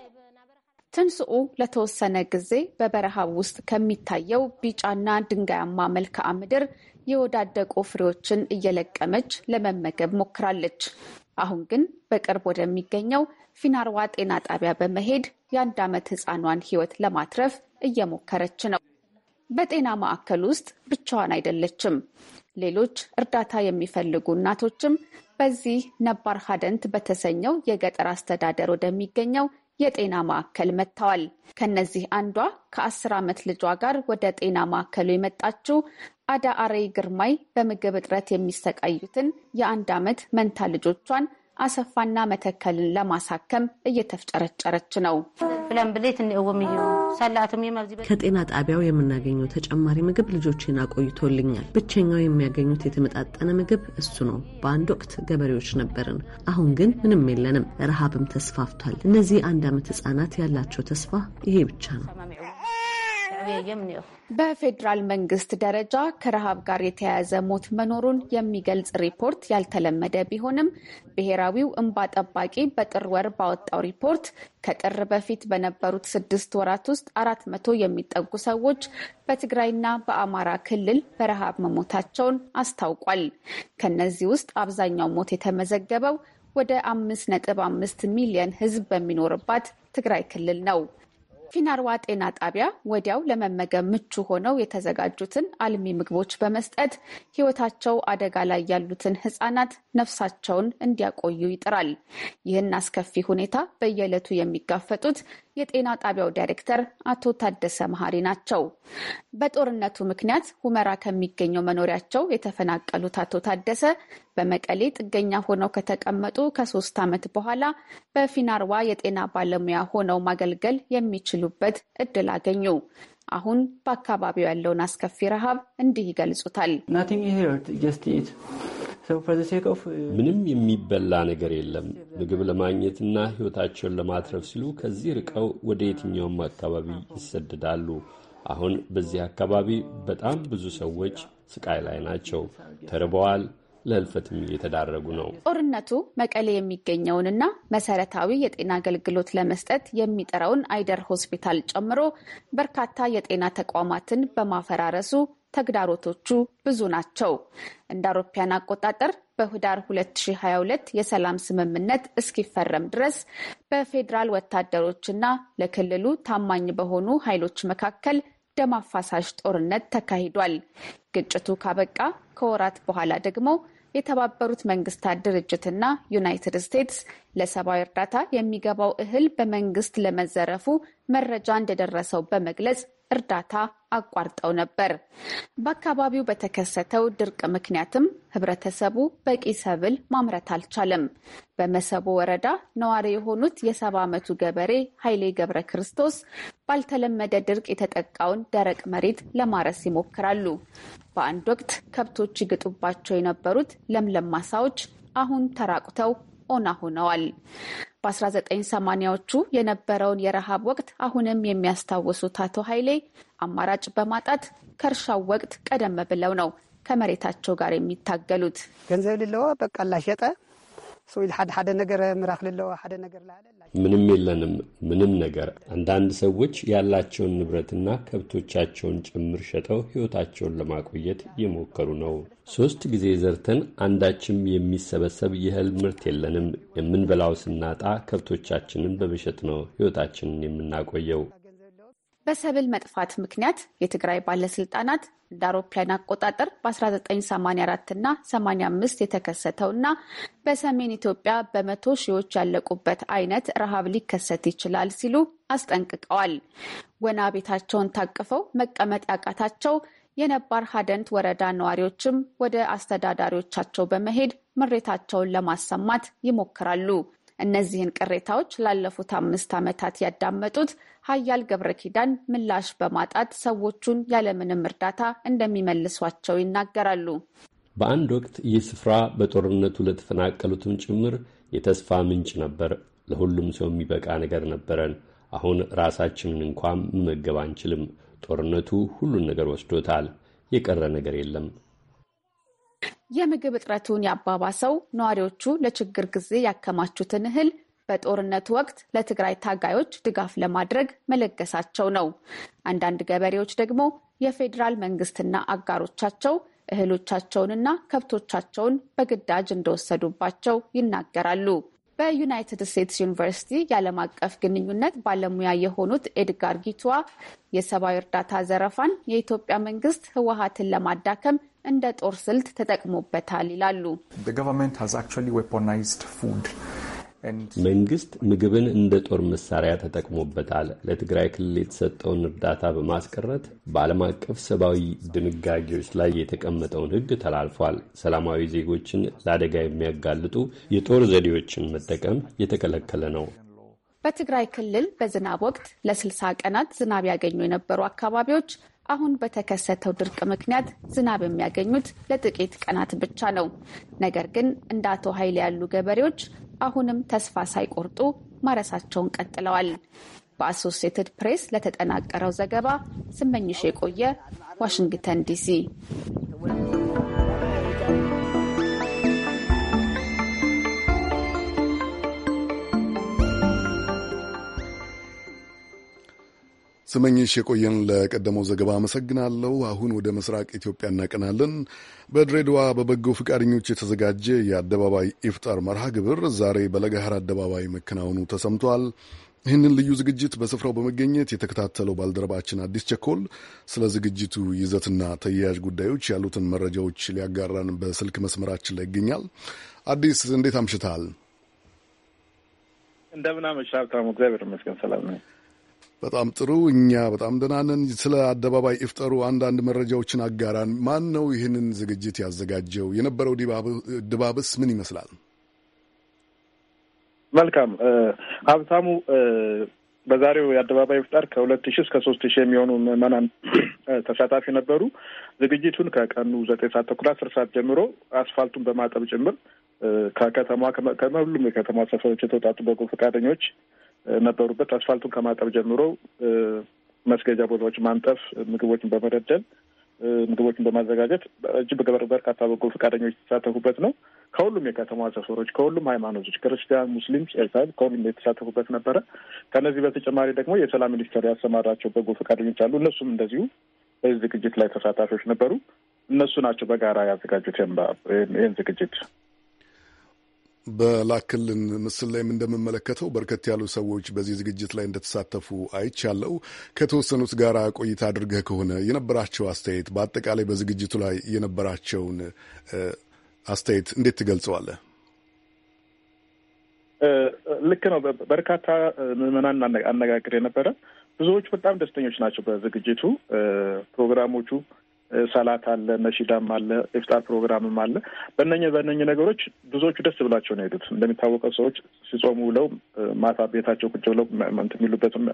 ትንስኡ ለተወሰነ ጊዜ በበረሃብ ውስጥ ከሚታየው ቢጫና ድንጋያማ መልክዓ ምድር የወዳደቁ ፍሬዎችን እየለቀመች ለመመገብ ሞክራለች። አሁን ግን በቅርብ ወደሚገኘው ፊናርዋ ጤና ጣቢያ በመሄድ የአንድ ዓመት ሕፃኗን ሕይወት ለማትረፍ እየሞከረች ነው። በጤና ማዕከል ውስጥ ብቻዋን አይደለችም። ሌሎች እርዳታ የሚፈልጉ እናቶችም በዚህ ነባር ሀደንት በተሰኘው የገጠር አስተዳደር ወደሚገኘው የጤና ማዕከል መጥተዋል። ከነዚህ አንዷ ከአስር ዓመት ልጇ ጋር ወደ ጤና ማዕከሉ የመጣችው አዳ አሬ ግርማይ በምግብ እጥረት የሚሰቃዩትን የአንድ ዓመት መንታ ልጆቿን አሰፋና መተከልን ለማሳከም እየተፍጨረጨረች ነው። ከጤና ጣቢያው የምናገኘው ተጨማሪ ምግብ ልጆችን አቆይቶልኛል። ብቸኛው የሚያገኙት የተመጣጠነ ምግብ እሱ ነው። በአንድ ወቅት ገበሬዎች ነበርን፣ አሁን ግን ምንም የለንም። ረሃብም ተስፋፍቷል። እነዚህ አንድ ዓመት ህጻናት ያላቸው ተስፋ ይሄ ብቻ ነው። በፌዴራል መንግስት ደረጃ ከረሃብ ጋር የተያያዘ ሞት መኖሩን የሚገልጽ ሪፖርት ያልተለመደ ቢሆንም ብሔራዊው እንባ ጠባቂ በጥር ወር ባወጣው ሪፖርት ከጥር በፊት በነበሩት ስድስት ወራት ውስጥ አራት መቶ የሚጠጉ ሰዎች በትግራይና በአማራ ክልል በረሃብ መሞታቸውን አስታውቋል። ከነዚህ ውስጥ አብዛኛው ሞት የተመዘገበው ወደ አምስት ነጥብ አምስት ሚሊየን ሕዝብ በሚኖርባት ትግራይ ክልል ነው። ፊናርዋ ጤና ጣቢያ ወዲያው ለመመገብ ምቹ ሆነው የተዘጋጁትን አልሚ ምግቦች በመስጠት ሕይወታቸው አደጋ ላይ ያሉትን ሕጻናት ነፍሳቸውን እንዲያቆዩ ይጥራል። ይህን አስከፊ ሁኔታ በየዕለቱ የሚጋፈጡት የጤና ጣቢያው ዳይሬክተር አቶ ታደሰ መሀሪ ናቸው። በጦርነቱ ምክንያት ሁመራ ከሚገኘው መኖሪያቸው የተፈናቀሉት አቶ ታደሰ በመቀሌ ጥገኛ ሆነው ከተቀመጡ ከሶስት ዓመት በኋላ በፊናርዋ የጤና ባለሙያ ሆነው ማገልገል የሚችሉበት እድል አገኙ። አሁን በአካባቢው ያለውን አስከፊ ረሃብ እንዲህ ይገልጹታል። Uh, ምንም የሚበላ ነገር የለም። ምግብ ለማግኘትና ሕይወታቸውን ለማትረፍ ሲሉ ከዚህ ርቀው ወደ የትኛውም አካባቢ ይሰደዳሉ። አሁን በዚህ አካባቢ በጣም ብዙ ሰዎች ስቃይ ላይ ናቸው። ተርበዋል። ለህልፈትም እየተዳረጉ ነው። ጦርነቱ መቀሌ የሚገኘውንና መሰረታዊ የጤና አገልግሎት ለመስጠት የሚጠራውን አይደር ሆስፒታል ጨምሮ በርካታ የጤና ተቋማትን በማፈራረሱ ተግዳሮቶቹ ብዙ ናቸው። እንደ አውሮፓያን አቆጣጠር በህዳር 2022 የሰላም ስምምነት እስኪፈረም ድረስ በፌዴራል ወታደሮችና ለክልሉ ታማኝ በሆኑ ኃይሎች መካከል ደም አፋሳሽ ጦርነት ተካሂዷል። ግጭቱ ካበቃ ከወራት በኋላ ደግሞ የተባበሩት መንግስታት ድርጅትና ዩናይትድ ስቴትስ ለሰብአዊ እርዳታ የሚገባው እህል በመንግስት ለመዘረፉ መረጃ እንደደረሰው በመግለጽ እርዳታ አቋርጠው ነበር። በአካባቢው በተከሰተው ድርቅ ምክንያትም ህብረተሰቡ በቂ ሰብል ማምረት አልቻለም። በመሰቦ ወረዳ ነዋሪ የሆኑት የሰባ ዓመቱ ገበሬ ኃይሌ ገብረ ክርስቶስ ባልተለመደ ድርቅ የተጠቃውን ደረቅ መሬት ለማረስ ይሞክራሉ። በአንድ ወቅት ከብቶች ይግጡባቸው የነበሩት ለምለም ማሳዎች አሁን ተራቁተው ኦና ሆነዋል። በ1980ዎቹ የነበረውን የረሃብ ወቅት አሁንም የሚያስታውሱት አቶ ኃይሌ አማራጭ በማጣት ከእርሻው ወቅት ቀደም ብለው ነው ከመሬታቸው ጋር የሚታገሉት። ገንዘብ ሌለዋ በቃ ላሸጠ ምንም የለንም፣ ምንም ነገር። አንዳንድ ሰዎች ያላቸውን ንብረትና ከብቶቻቸውን ጭምር ሸጠው ሕይወታቸውን ለማቆየት እየሞከሩ ነው። ሦስት ጊዜ ዘርተን አንዳችም የሚሰበሰብ የእህል ምርት የለንም። የምንበላው ስናጣ ከብቶቻችንን በመሸጥ ነው ሕይወታችንን የምናቆየው። በሰብል መጥፋት ምክንያት የትግራይ ባለስልጣናት እንደ አውሮፕላን አቆጣጠር በ1984 እና 85 የተከሰተው እና በሰሜን ኢትዮጵያ በመቶ ሺዎች ያለቁበት አይነት ረሃብ ሊከሰት ይችላል ሲሉ አስጠንቅቀዋል። ወና ቤታቸውን ታቅፈው መቀመጥ ያቃታቸው የነባር ሀደንት ወረዳ ነዋሪዎችም ወደ አስተዳዳሪዎቻቸው በመሄድ ምሬታቸውን ለማሰማት ይሞክራሉ። እነዚህን ቅሬታዎች ላለፉት አምስት ዓመታት ያዳመጡት ሀያል ገብረ ኪዳን ምላሽ በማጣት ሰዎቹን ያለምንም እርዳታ እንደሚመልሷቸው ይናገራሉ። በአንድ ወቅት ይህ ስፍራ በጦርነቱ ለተፈናቀሉትም ጭምር የተስፋ ምንጭ ነበር። ለሁሉም ሰው የሚበቃ ነገር ነበረን። አሁን ራሳችንን እንኳን መመገብ አንችልም። ጦርነቱ ሁሉን ነገር ወስዶታል። የቀረ ነገር የለም። የምግብ እጥረቱን ያባባሰው ነዋሪዎቹ ለችግር ጊዜ ያከማቹትን እህል በጦርነት ወቅት ለትግራይ ታጋዮች ድጋፍ ለማድረግ መለገሳቸው ነው። አንዳንድ ገበሬዎች ደግሞ የፌዴራል መንግስትና አጋሮቻቸው እህሎቻቸውንና ከብቶቻቸውን በግዳጅ እንደወሰዱባቸው ይናገራሉ። በዩናይትድ ስቴትስ ዩኒቨርሲቲ የዓለም አቀፍ ግንኙነት ባለሙያ የሆኑት ኤድጋር ጊቷ የሰብአዊ እርዳታ ዘረፋን የኢትዮጵያ መንግስት ህወሀትን ለማዳከም እንደ ጦር ስልት ተጠቅሞበታል ይላሉ። መንግስት ምግብን እንደ ጦር መሳሪያ ተጠቅሞበታል። ለትግራይ ክልል የተሰጠውን እርዳታ በማስቀረት በዓለም አቀፍ ሰብአዊ ድንጋጌዎች ላይ የተቀመጠውን ሕግ ተላልፏል። ሰላማዊ ዜጎችን ለአደጋ የሚያጋልጡ የጦር ዘዴዎችን መጠቀም የተከለከለ ነው። በትግራይ ክልል በዝናብ ወቅት ለ60 ቀናት ዝናብ ያገኙ የነበሩ አካባቢዎች አሁን በተከሰተው ድርቅ ምክንያት ዝናብ የሚያገኙት ለጥቂት ቀናት ብቻ ነው። ነገር ግን እንደ አቶ ኃይል ያሉ ገበሬዎች አሁንም ተስፋ ሳይቆርጡ ማረሳቸውን ቀጥለዋል። በአሶሴትድ ፕሬስ ለተጠናቀረው ዘገባ ስመኝሽ የቆየ ዋሽንግተን ዲሲ። ስመኝሽ የቆየን ለቀደመው ዘገባ አመሰግናለሁ። አሁን ወደ ምስራቅ ኢትዮጵያ እናቀናለን። በድሬዳዋ በበጎ ፈቃደኞች የተዘጋጀ የአደባባይ ኢፍጣር መርሃ ግብር ዛሬ በለገሃር አደባባይ መከናወኑ ተሰምቷል። ይህንን ልዩ ዝግጅት በስፍራው በመገኘት የተከታተለው ባልደረባችን አዲስ ቸኮል ስለ ዝግጅቱ ይዘትና ተያያዥ ጉዳዮች ያሉትን መረጃዎች ሊያጋራን በስልክ መስመራችን ላይ ይገኛል። አዲስ እንዴት አምሽታል? እንደምን አመሻ ሀብታሙ። እግዚአብሔር ይመስገን ሰላም ነው። በጣም ጥሩ። እኛ በጣም ደህና ነን። ስለ አደባባይ ይፍጠሩ አንዳንድ መረጃዎችን አጋራን። ማን ነው ይህንን ዝግጅት ያዘጋጀው? የነበረው ድባብስ ምን ይመስላል? መልካም ሀብታሙ፣ በዛሬው የአደባባይ ይፍጠር ከሁለት ሺህ እስከ ሶስት ሺህ የሚሆኑ ምዕመናን ተሳታፊ ነበሩ። ዝግጅቱን ከቀኑ ዘጠኝ ሰዓት ተኩል አስር ሰዓት ጀምሮ አስፋልቱን በማጠብ ጭምር ከከተማ ከሁሉም የከተማ ሰፈሮች የተውጣጡ በጎ ፈቃደኞች ነበሩበት። አስፋልቱን ከማጠብ ጀምሮ መስገጃ ቦታዎች ማንጠፍ፣ ምግቦችን በመደደል ምግቦችን በማዘጋጀት እጅግ በርካታ በጎ ፈቃደኞች የተሳተፉበት ነው። ከሁሉም የከተማ ሰፈሮች፣ ከሁሉም ሃይማኖቶች፣ ክርስቲያን፣ ሙስሊም፣ ኤርትራዊ ከሁሉም የተሳተፉበት ነበረ። ከነዚህ በተጨማሪ ደግሞ የሰላም ሚኒስቴር ያሰማራቸው በጎ ፈቃደኞች አሉ። እነሱም እንደዚሁ በዚህ ዝግጅት ላይ ተሳታፊዎች ነበሩ። እነሱ ናቸው በጋራ ያዘጋጁት ይህን ዝግጅት። በላክልን ምስል ላይም እንደምመለከተው በርከት ያሉ ሰዎች በዚህ ዝግጅት ላይ እንደተሳተፉ አይቻለው። ከተወሰኑት ጋር ቆይታ አድርገህ ከሆነ የነበራቸው አስተያየት፣ በአጠቃላይ በዝግጅቱ ላይ የነበራቸውን አስተያየት እንዴት ትገልጸዋለህ? ልክ ነው። በርካታ ምዕመናን አነጋግር የነበረ ብዙዎቹ በጣም ደስተኞች ናቸው በዝግጅቱ ፕሮግራሞቹ ሰላት አለ፣ መሺዳም አለ፣ ኢፍጣር ፕሮግራምም አለ። በእነኝህ በነኝ ነገሮች ብዙዎቹ ደስ ብላቸው ነው የሄዱት። እንደሚታወቀው ሰዎች ሲጾሙ ብለው ማታ ቤታቸው ቁጭ ብለው እንትን የሚሉበትም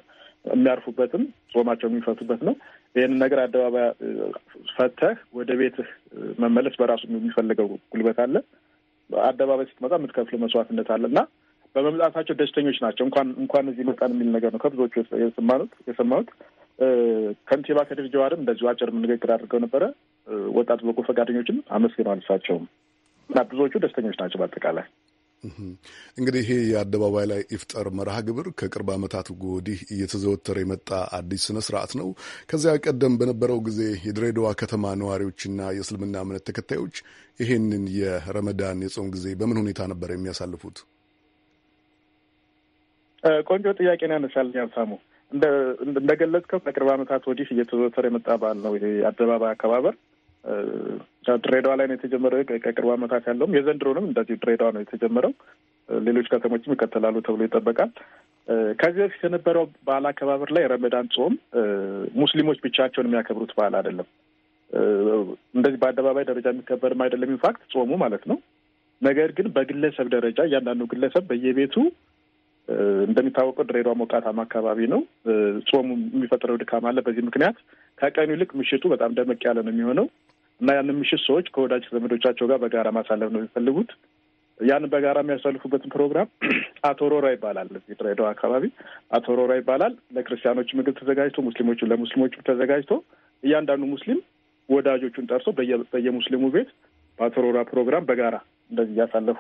የሚያርፉበትም ጾማቸው የሚፈቱበት ነው። ይህን ነገር አደባባይ ፈተህ ወደ ቤትህ መመለስ በራሱ የሚፈልገው ጉልበት አለ። አደባባይ ስትመጣ የምትከፍለው መስዋዕትነት አለ እና በመምጣታቸው ደስተኞች ናቸው። እንኳን እንኳን እዚህ መጣን የሚል ነገር ነው ከብዙዎቹ የሰማሁት የሰማሁት ከንቲባ ከድር ጀዋርም በዚሁ አጭር ንግግር አድርገው ነበረ። ወጣት በጎ ፈቃደኞችም አመስግነዋል እሳቸውም እና ብዙዎቹ ደስተኞች ናቸው። በአጠቃላይ እንግዲህ ይሄ የአደባባይ ላይ ኢፍጠር መርሃ ግብር ከቅርብ ዓመታት ወዲህ እየተዘወተረ የመጣ አዲስ ስነ ስርዓት ነው። ከዚያ ቀደም በነበረው ጊዜ የድሬዳዋ ከተማ ነዋሪዎችና የእስልምና እምነት ተከታዮች ይህንን የረመዳን የጾም ጊዜ በምን ሁኔታ ነበር የሚያሳልፉት? ቆንጆ ጥያቄ ነው ያነሳል ያሳሙ እንደገለጽከው ከቅርብ ዓመታት ወዲህ እየተዘወተረ የመጣ በዓል ነው ይሄ አደባባይ አከባበር። ድሬዳዋ ላይ ነው የተጀመረው ከቅርብ ዓመታት ያለውም የዘንድሮንም እንደዚህ ድሬዳዋ ነው የተጀመረው። ሌሎች ከተሞችም ይከተላሉ ተብሎ ይጠበቃል። ከዚህ በፊት የነበረው በዓል አከባበር ላይ ረመዳን ጾም ሙስሊሞች ብቻቸውን የሚያከብሩት በዓል አይደለም። እንደዚህ በአደባባይ ደረጃ የሚከበርም አይደለም። ኢንፋክት ጾሙ ማለት ነው። ነገር ግን በግለሰብ ደረጃ እያንዳንዱ ግለሰብ በየቤቱ እንደሚታወቀው ድሬዳዋ ሞቃታማ አካባቢ ነው። ጾሙ የሚፈጥረው ድካም አለ። በዚህ ምክንያት ከቀኑ ይልቅ ምሽቱ በጣም ደመቅ ያለ ነው የሚሆነው እና ያንን ምሽት ሰዎች ከወዳጅ ዘመዶቻቸው ጋር በጋራ ማሳለፍ ነው የሚፈልጉት። ያንን በጋራ የሚያሳልፉበትን ፕሮግራም አቶሮራ ይባላል። እዚህ ድሬዳዋ አካባቢ አቶሮራ ይባላል። ለክርስቲያኖች ምግብ ተዘጋጅቶ፣ ሙስሊሞች ለሙስሊሞች ተዘጋጅቶ እያንዳንዱ ሙስሊም ወዳጆቹን ጠርሶ በየሙስሊሙ ቤት በአቶሮራ ፕሮግራም በጋራ እንደዚህ እያሳለፉ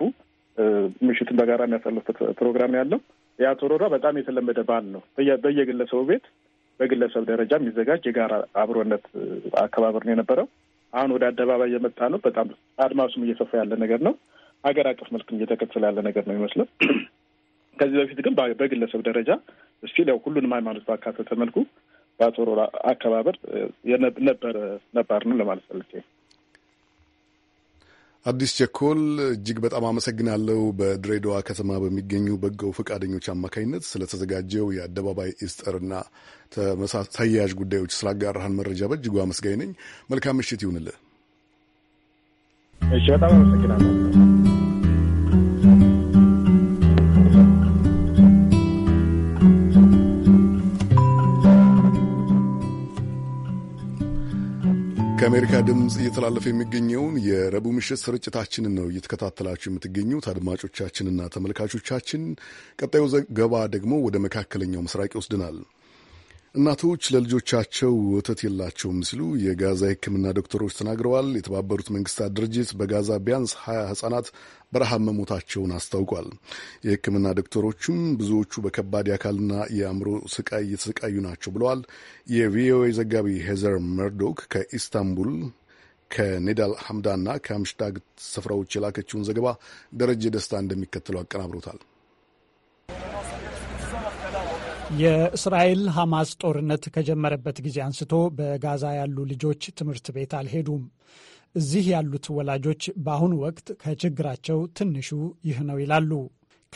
ምሽቱን በጋራ የሚያሳልፉት ፕሮግራም ያለው። ያ ቶሮራ በጣም የተለመደ በዓል ነው። በየግለሰቡ ቤት በግለሰብ ደረጃ የሚዘጋጅ የጋራ አብሮነት አከባበር ነው የነበረው። አሁን ወደ አደባባይ የመጣ ነው። በጣም አድማሱም እየሰፋ ያለ ነገር ነው። ሀገር አቀፍ መልክም እየተከተለ ያለ ነገር ነው ይመስለው። ከዚህ በፊት ግን በግለሰብ ደረጃ እስቲል ያው ሁሉንም ሃይማኖት ባካተተ መልኩ በአቶሮራ አከባበር ነበረ ነባር ነው ለማለት ፈልጌ አዲስ ቸኮል እጅግ በጣም አመሰግናለሁ። በድሬዳዋ ከተማ በሚገኙ በጎ ፈቃደኞች አማካኝነት ስለተዘጋጀው የአደባባይ ኢስጠርና ተያያዥ ጉዳዮች ስላጋራህን መረጃ በእጅጉ አመስጋኝ ነኝ። መልካም ምሽት ይሁንልህ። እሺ፣ በጣም አመሰግናለሁ። ከአሜሪካ ድምፅ እየተላለፈ የሚገኘውን የረቡዕ ምሽት ስርጭታችንን ነው እየተከታተላችሁ የምትገኙት አድማጮቻችንና ተመልካቾቻችን። ቀጣዩ ዘገባ ደግሞ ወደ መካከለኛው ምስራቅ ይወስድናል። እናቶች ለልጆቻቸው ወተት የላቸውም ሲሉ የጋዛ የሕክምና ዶክተሮች ተናግረዋል። የተባበሩት መንግስታት ድርጅት በጋዛ ቢያንስ ሀያ ህጻናት በረሃብ መሞታቸውን አስታውቋል። የሕክምና ዶክተሮቹም ብዙዎቹ በከባድ የአካልና የአእምሮ ስቃይ እየተሰቃዩ ናቸው ብለዋል። የቪኦኤ ዘጋቢ ሄዘር መርዶክ ከኢስታንቡል ከኔዳል ሐምዳና ከአምሽዳግ ስፍራዎች የላከችውን ዘገባ ደረጀ ደስታ እንደሚከተለው አቀናብሮታል። የእስራኤል ሐማስ ጦርነት ከጀመረበት ጊዜ አንስቶ በጋዛ ያሉ ልጆች ትምህርት ቤት አልሄዱም። እዚህ ያሉት ወላጆች በአሁኑ ወቅት ከችግራቸው ትንሹ ይህ ነው ይላሉ።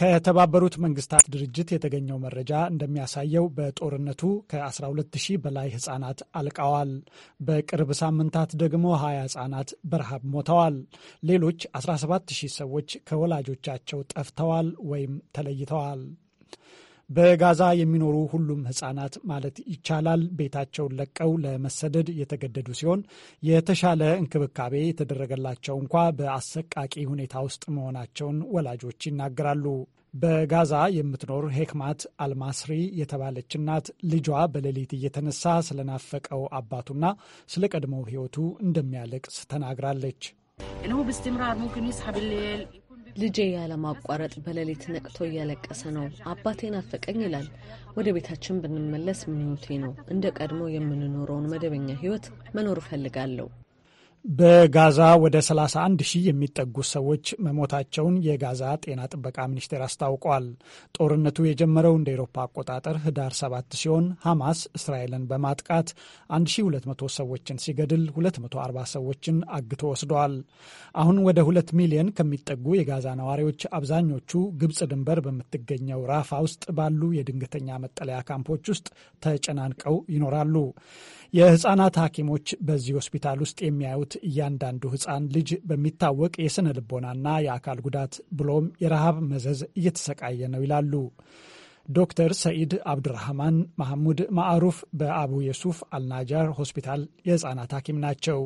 ከተባበሩት መንግስታት ድርጅት የተገኘው መረጃ እንደሚያሳየው በጦርነቱ ከ12000 በላይ ህጻናት አልቀዋል። በቅርብ ሳምንታት ደግሞ 20 ህጻናት በረሃብ ሞተዋል። ሌሎች 17000 ሰዎች ከወላጆቻቸው ጠፍተዋል ወይም ተለይተዋል። በጋዛ የሚኖሩ ሁሉም ህጻናት ማለት ይቻላል ቤታቸውን ለቀው ለመሰደድ የተገደዱ ሲሆን የተሻለ እንክብካቤ የተደረገላቸው እንኳ በአሰቃቂ ሁኔታ ውስጥ መሆናቸውን ወላጆች ይናገራሉ። በጋዛ የምትኖር ሄክማት አልማስሪ የተባለች እናት ልጇ በሌሊት እየተነሳ ስለናፈቀው አባቱና ስለ ቀድሞው ህይወቱ እንደሚያለቅስ ተናግራለች። ልጄ ያለማቋረጥ በሌሊት ነቅቶ እያለቀሰ ነው። አባቴ አፈቀኝ ይላል። ወደ ቤታችን ብንመለስ ምኞቴ ነው። እንደ ቀድሞ የምንኖረውን መደበኛ ህይወት መኖር እፈልጋለሁ። በጋዛ ወደ 31 ሺህ የሚጠጉ ሰዎች መሞታቸውን የጋዛ ጤና ጥበቃ ሚኒስቴር አስታውቋል። ጦርነቱ የጀመረው እንደ ኤሮፓ አቆጣጠር ህዳር 7 ሲሆን ሐማስ እስራኤልን በማጥቃት 1200 ሰዎችን ሲገድል 240 ሰዎችን አግቶ ወስደዋል። አሁን ወደ 2 ሚሊዮን ከሚጠጉ የጋዛ ነዋሪዎች አብዛኞቹ ግብፅ ድንበር በምትገኘው ራፋ ውስጥ ባሉ የድንገተኛ መጠለያ ካምፖች ውስጥ ተጨናንቀው ይኖራሉ። የህፃናት ሐኪሞች በዚህ ሆስፒታል ውስጥ የሚያዩት የሚኖሩት እያንዳንዱ ህፃን ልጅ በሚታወቅ የሥነ ልቦናና የአካል ጉዳት ብሎም የረሃብ መዘዝ እየተሰቃየ ነው ይላሉ። ዶክተር ሰኢድ አብዱራህማን ማሐሙድ ማዕሩፍ በአቡ የሱፍ አልናጃር ሆስፒታል የህፃናት ሐኪም ናቸው።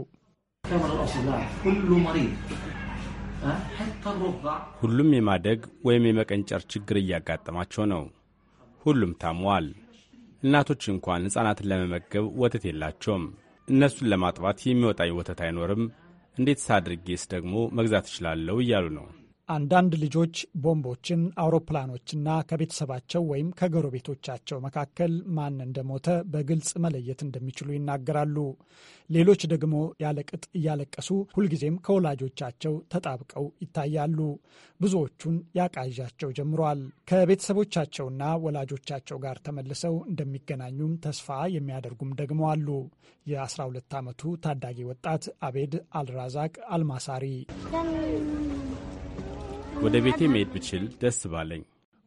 ሁሉም የማደግ ወይም የመቀንጨር ችግር እያጋጠማቸው ነው። ሁሉም ታሟል። እናቶች እንኳን ሕፃናትን ለመመገብ ወተት የላቸውም። እነሱን ለማጥባት የሚወጣኝ ወተት አይኖርም፣ እንዴትስ አድርጌስ ደግሞ መግዛት እችላለሁ እያሉ ነው። አንዳንድ ልጆች ቦምቦችን፣ አውሮፕላኖችና ከቤተሰባቸው ወይም ከጎረቤቶቻቸው መካከል ማን እንደሞተ በግልጽ መለየት እንደሚችሉ ይናገራሉ። ሌሎች ደግሞ ያለቅጥ እያለቀሱ ሁልጊዜም ከወላጆቻቸው ተጣብቀው ይታያሉ። ብዙዎቹን ያቃዣቸው ጀምሯል። ከቤተሰቦቻቸውና ወላጆቻቸው ጋር ተመልሰው እንደሚገናኙም ተስፋ የሚያደርጉም ደግሞ አሉ። የ12 ዓመቱ ታዳጊ ወጣት አቤድ አልራዛቅ አልማሳሪ ወደ ቤቴ መሄድ ብችል ደስ ባለኝ።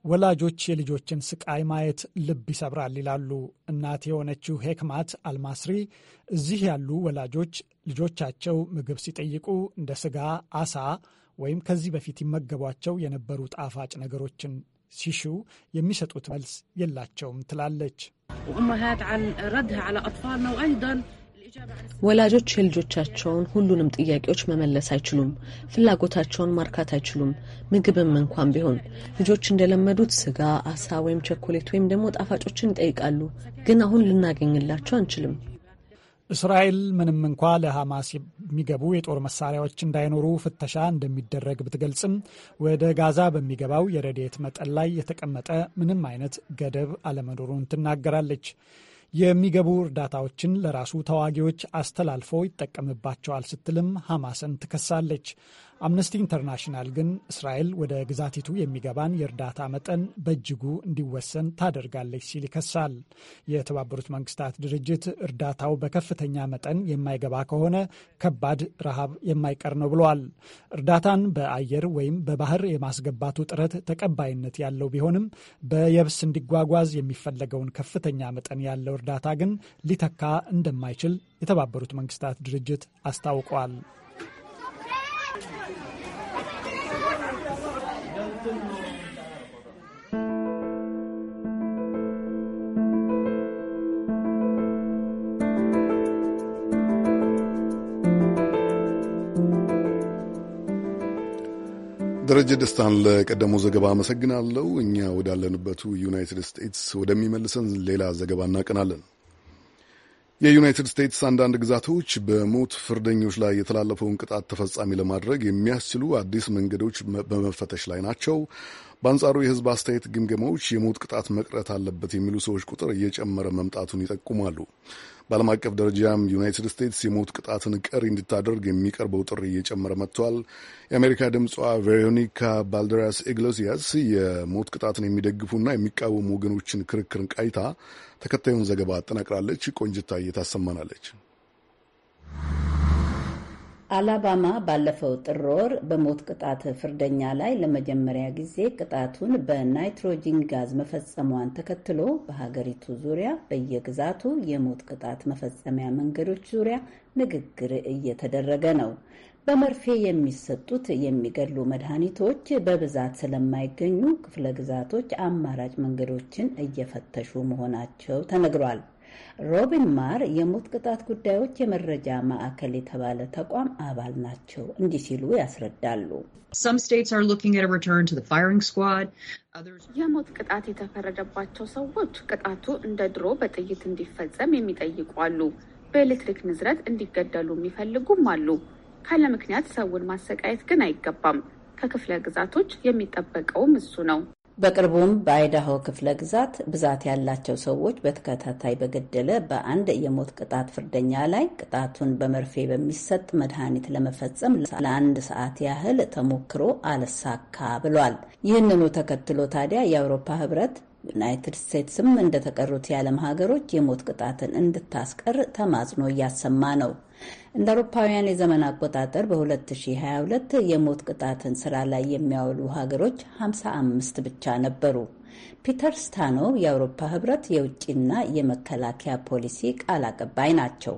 ወላጆች የልጆችን ስቃይ ማየት ልብ ይሰብራል ይላሉ እናት የሆነችው ሄክማት አልማስሪ። እዚህ ያሉ ወላጆች ልጆቻቸው ምግብ ሲጠይቁ እንደ ስጋ፣ አሳ ወይም ከዚህ በፊት ይመገቧቸው የነበሩ ጣፋጭ ነገሮችን ሲሹ የሚሰጡት መልስ የላቸውም ትላለች። ወላጆች የልጆቻቸውን ሁሉንም ጥያቄዎች መመለስ አይችሉም። ፍላጎታቸውን ማርካት አይችሉም። ምግብም እንኳን ቢሆን ልጆች እንደለመዱት ስጋ፣ አሳ ወይም ቸኮሌት ወይም ደግሞ ጣፋጮችን ይጠይቃሉ። ግን አሁን ልናገኝላቸው አንችልም። እስራኤል ምንም እንኳ ለሐማስ የሚገቡ የጦር መሳሪያዎች እንዳይኖሩ ፍተሻ እንደሚደረግ ብትገልጽም ወደ ጋዛ በሚገባው የረድኤት መጠን ላይ የተቀመጠ ምንም አይነት ገደብ አለመኖሩን ትናገራለች። የሚገቡ እርዳታዎችን ለራሱ ተዋጊዎች አስተላልፎ ይጠቀምባቸዋል ስትልም ሐማስን ትከሳለች። አምነስቲ ኢንተርናሽናል ግን እስራኤል ወደ ግዛቲቱ የሚገባን የእርዳታ መጠን በእጅጉ እንዲወሰን ታደርጋለች ሲል ይከሳል። የተባበሩት መንግስታት ድርጅት እርዳታው በከፍተኛ መጠን የማይገባ ከሆነ ከባድ ረሃብ የማይቀር ነው ብለዋል። እርዳታን በአየር ወይም በባህር የማስገባቱ ጥረት ተቀባይነት ያለው ቢሆንም በየብስ እንዲጓጓዝ የሚፈለገውን ከፍተኛ መጠን ያለው እርዳታ ግን ሊተካ እንደማይችል የተባበሩት መንግስታት ድርጅት አስታውቋል። ደረጀ ደስታን ለቀደመው ዘገባ አመሰግናለሁ። እኛ ወዳለንበቱ ዩናይትድ ስቴትስ ወደሚመልሰን ሌላ ዘገባ እናቀናለን። የዩናይትድ ስቴትስ አንዳንድ ግዛቶች በሞት ፍርደኞች ላይ የተላለፈውን ቅጣት ተፈጻሚ ለማድረግ የሚያስችሉ አዲስ መንገዶች በመፈተሽ ላይ ናቸው። በአንጻሩ የሕዝብ አስተያየት ግምገማዎች የሞት ቅጣት መቅረት አለበት የሚሉ ሰዎች ቁጥር እየጨመረ መምጣቱን ይጠቁማሉ። በዓለም አቀፍ ደረጃም ዩናይትድ ስቴትስ የሞት ቅጣትን ቀሪ እንድታደርግ የሚቀርበው ጥሪ እየጨመረ መጥቷል። የአሜሪካ ድምጿ ቬሮኒካ ባልደራስ ኤግሎሲያስ የሞት ቅጣትን የሚደግፉና የሚቃወሙ ወገኖችን ክርክርን ቃይታ ተከታዩን ዘገባ አጠናቅራለች። ቆንጅታ እየታሰማናለች። አላባማ ባለፈው ጥር ወር በሞት ቅጣት ፍርደኛ ላይ ለመጀመሪያ ጊዜ ቅጣቱን በናይትሮጂን ጋዝ መፈጸሟን ተከትሎ በሀገሪቱ ዙሪያ በየግዛቱ የሞት ቅጣት መፈጸሚያ መንገዶች ዙሪያ ንግግር እየተደረገ ነው። በመርፌ የሚሰጡት የሚገድሉ መድኃኒቶች በብዛት ስለማይገኙ ክፍለ ግዛቶች አማራጭ መንገዶችን እየፈተሹ መሆናቸው ተነግሯል። ሮቢን ማር የሞት ቅጣት ጉዳዮች የመረጃ ማዕከል የተባለ ተቋም አባል ናቸው። እንዲህ ሲሉ ያስረዳሉ። የሞት ቅጣት የተፈረደባቸው ሰዎች ቅጣቱ እንደ ድሮ በጥይት እንዲፈጸም የሚጠይቁ አሉ። በኤሌክትሪክ ንዝረት እንዲገደሉ የሚፈልጉም አሉ። ካለ ምክንያት ሰውን ማሰቃየት ግን አይገባም። ከክፍለ ግዛቶች የሚጠበቀውም እሱ ነው። በቅርቡም በአይዳሆ ክፍለ ግዛት ብዛት ያላቸው ሰዎች በተከታታይ በገደለ በአንድ የሞት ቅጣት ፍርደኛ ላይ ቅጣቱን በመርፌ በሚሰጥ መድኃኒት ለመፈጸም ለአንድ ሰዓት ያህል ተሞክሮ አልሳካ ብሏል። ይህንኑ ተከትሎ ታዲያ የአውሮፓ ህብረት ዩናይትድ ስቴትስም እንደተቀሩት የዓለም ሀገሮች የሞት ቅጣትን እንድታስቀር ተማጽኖ እያሰማ ነው። እንደ አውሮፓውያን የዘመን አቆጣጠር በ2022 የሞት ቅጣትን ስራ ላይ የሚያውሉ ሀገሮች 55 ብቻ ነበሩ። ፒተር ስታኖ የአውሮፓ ህብረት የውጭና የመከላከያ ፖሊሲ ቃል አቀባይ ናቸው።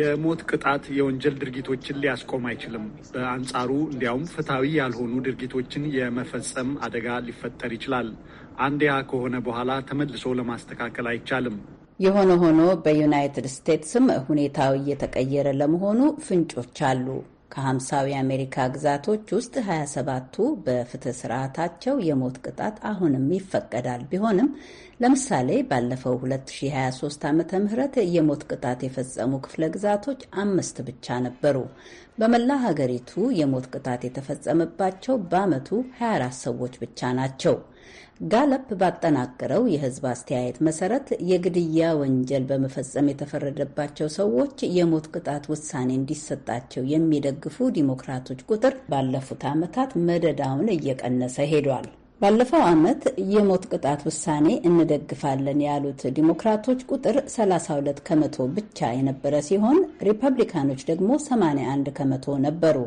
የሞት ቅጣት የወንጀል ድርጊቶችን ሊያስቆም አይችልም። በአንጻሩ እንዲያውም ፍትሐዊ ያልሆኑ ድርጊቶችን የመፈጸም አደጋ ሊፈጠር ይችላል። አንድ ያ ከሆነ በኋላ ተመልሶ ለማስተካከል አይቻልም። የሆነ ሆኖ በዩናይትድ ስቴትስም ሁኔታው እየተቀየረ ለመሆኑ ፍንጮች አሉ። የአሜሪካ ግዛቶች ውስጥ 27ቱ በፍትህ ስርዓታቸው የሞት ቅጣት አሁንም ይፈቀዳል። ቢሆንም ለምሳሌ ባለፈው 2023 ዓ ም የሞት ቅጣት የፈጸሙ ክፍለ ግዛቶች አምስት ብቻ ነበሩ። በመላ ሀገሪቱ የሞት ቅጣት የተፈጸመባቸው በአመቱ 24 ሰዎች ብቻ ናቸው። ጋለፕ ባጠናቀረው የህዝብ አስተያየት መሰረት የግድያ ወንጀል በመፈጸም የተፈረደባቸው ሰዎች የሞት ቅጣት ውሳኔ እንዲሰጣቸው የሚደግፉ ዲሞክራቶች ቁጥር ባለፉት ዓመታት መደዳውን እየቀነሰ ሄዷል። ባለፈው ዓመት የሞት ቅጣት ውሳኔ እንደግፋለን ያሉት ዲሞክራቶች ቁጥር 32 ከመቶ ብቻ የነበረ ሲሆን ሪፐብሊካኖች ደግሞ 81 ከመቶ ነበሩ።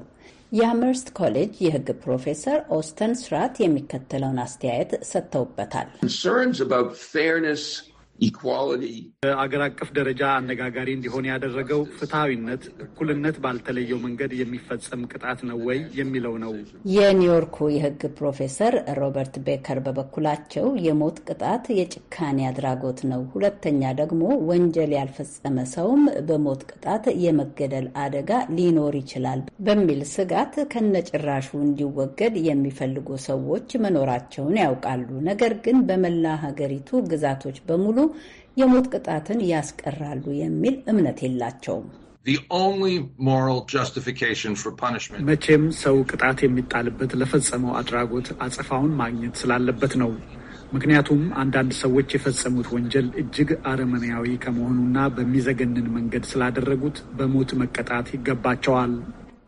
የአምርስት ኮሌጅ የሕግ ፕሮፌሰር ኦስተን ስራት የሚከተለውን አስተያየት ሰጥተውበታል። በአገር አቀፍ ደረጃ አነጋጋሪ እንዲሆን ያደረገው ፍትሐዊነት፣ እኩልነት ባልተለየው መንገድ የሚፈጸም ቅጣት ነው ወይ የሚለው ነው። የኒውዮርኩ የሕግ ፕሮፌሰር ሮበርት ቤከር በበኩላቸው የሞት ቅጣት የጭካኔ አድራጎት ነው፣ ሁለተኛ ደግሞ ወንጀል ያልፈጸመ ሰውም በሞት ቅጣት የመገደል አደጋ ሊኖር ይችላል በሚል ስጋት ከነጭራሹ እንዲወገድ የሚፈልጉ ሰዎች መኖራቸውን ያውቃሉ። ነገር ግን በመላ ሀገሪቱ ግዛቶች በሙሉ የሞት ቅጣትን ያስቀራሉ የሚል እምነት የላቸውም። መቼም ሰው ቅጣት የሚጣልበት ለፈጸመው አድራጎት አጸፋውን ማግኘት ስላለበት ነው። ምክንያቱም አንዳንድ ሰዎች የፈጸሙት ወንጀል እጅግ አረመኔያዊ ከመሆኑና በሚዘገንን መንገድ ስላደረጉት በሞት መቀጣት ይገባቸዋል።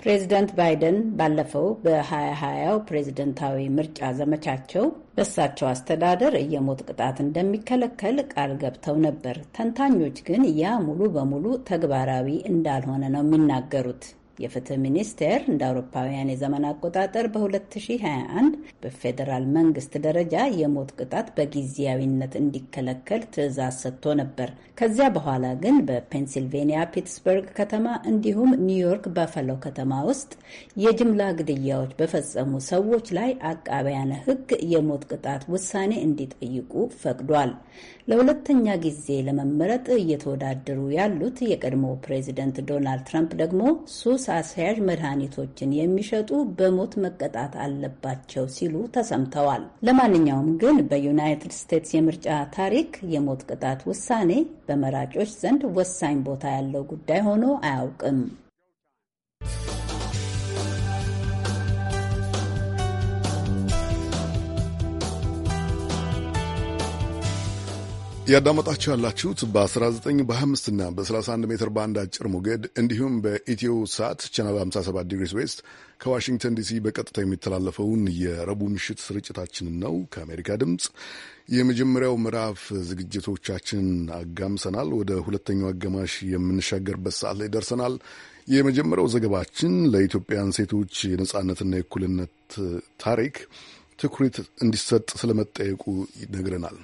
ፕሬዚደንት ባይደን ባለፈው በ2020 ፕሬዝደንታዊ ምርጫ ዘመቻቸው በእሳቸው አስተዳደር የሞት ቅጣት እንደሚከለከል ቃል ገብተው ነበር። ተንታኞች ግን ያ ሙሉ በሙሉ ተግባራዊ እንዳልሆነ ነው የሚናገሩት። የፍትህ ሚኒስቴር እንደ አውሮፓውያን የዘመን አቆጣጠር በ2021 በፌዴራል መንግስት ደረጃ የሞት ቅጣት በጊዜያዊነት እንዲከለከል ትዕዛዝ ሰጥቶ ነበር። ከዚያ በኋላ ግን በፔንሲልቬኒያ ፒትስበርግ ከተማ እንዲሁም ኒውዮርክ በፈለው ከተማ ውስጥ የጅምላ ግድያዎች በፈጸሙ ሰዎች ላይ አቃቢያነ ህግ የሞት ቅጣት ውሳኔ እንዲጠይቁ ፈቅዷል። ለሁለተኛ ጊዜ ለመመረጥ እየተወዳደሩ ያሉት የቀድሞ ፕሬዚደንት ዶናልድ ትራምፕ ደግሞ ሱስ አስያዥ መድኃኒቶችን የሚሸጡ በሞት መቀጣት አለባቸው ሲሉ ተሰምተዋል። ለማንኛውም ግን በዩናይትድ ስቴትስ የምርጫ ታሪክ የሞት ቅጣት ውሳኔ በመራጮች ዘንድ ወሳኝ ቦታ ያለው ጉዳይ ሆኖ አያውቅም። እያዳመጣችሁ ያላችሁት በ19 በ25 እና በ31 ሜትር ባንድ አጭር ሞገድ እንዲሁም በኢትዮ ሰዓት ቻናል 57 ዲግሪስ ዌስት ከዋሽንግተን ዲሲ በቀጥታ የሚተላለፈውን የረቡዕ ምሽት ስርጭታችንን ነው። ከአሜሪካ ድምፅ የመጀመሪያው ምዕራፍ ዝግጅቶቻችን አጋምሰናል። ወደ ሁለተኛው አጋማሽ የምንሻገርበት ሰዓት ላይ ደርሰናል። የመጀመሪያው ዘገባችን ለኢትዮጵያን ሴቶች የነጻነትና የእኩልነት ታሪክ ትኩረት እንዲሰጥ ስለመጠየቁ ይነግረናል።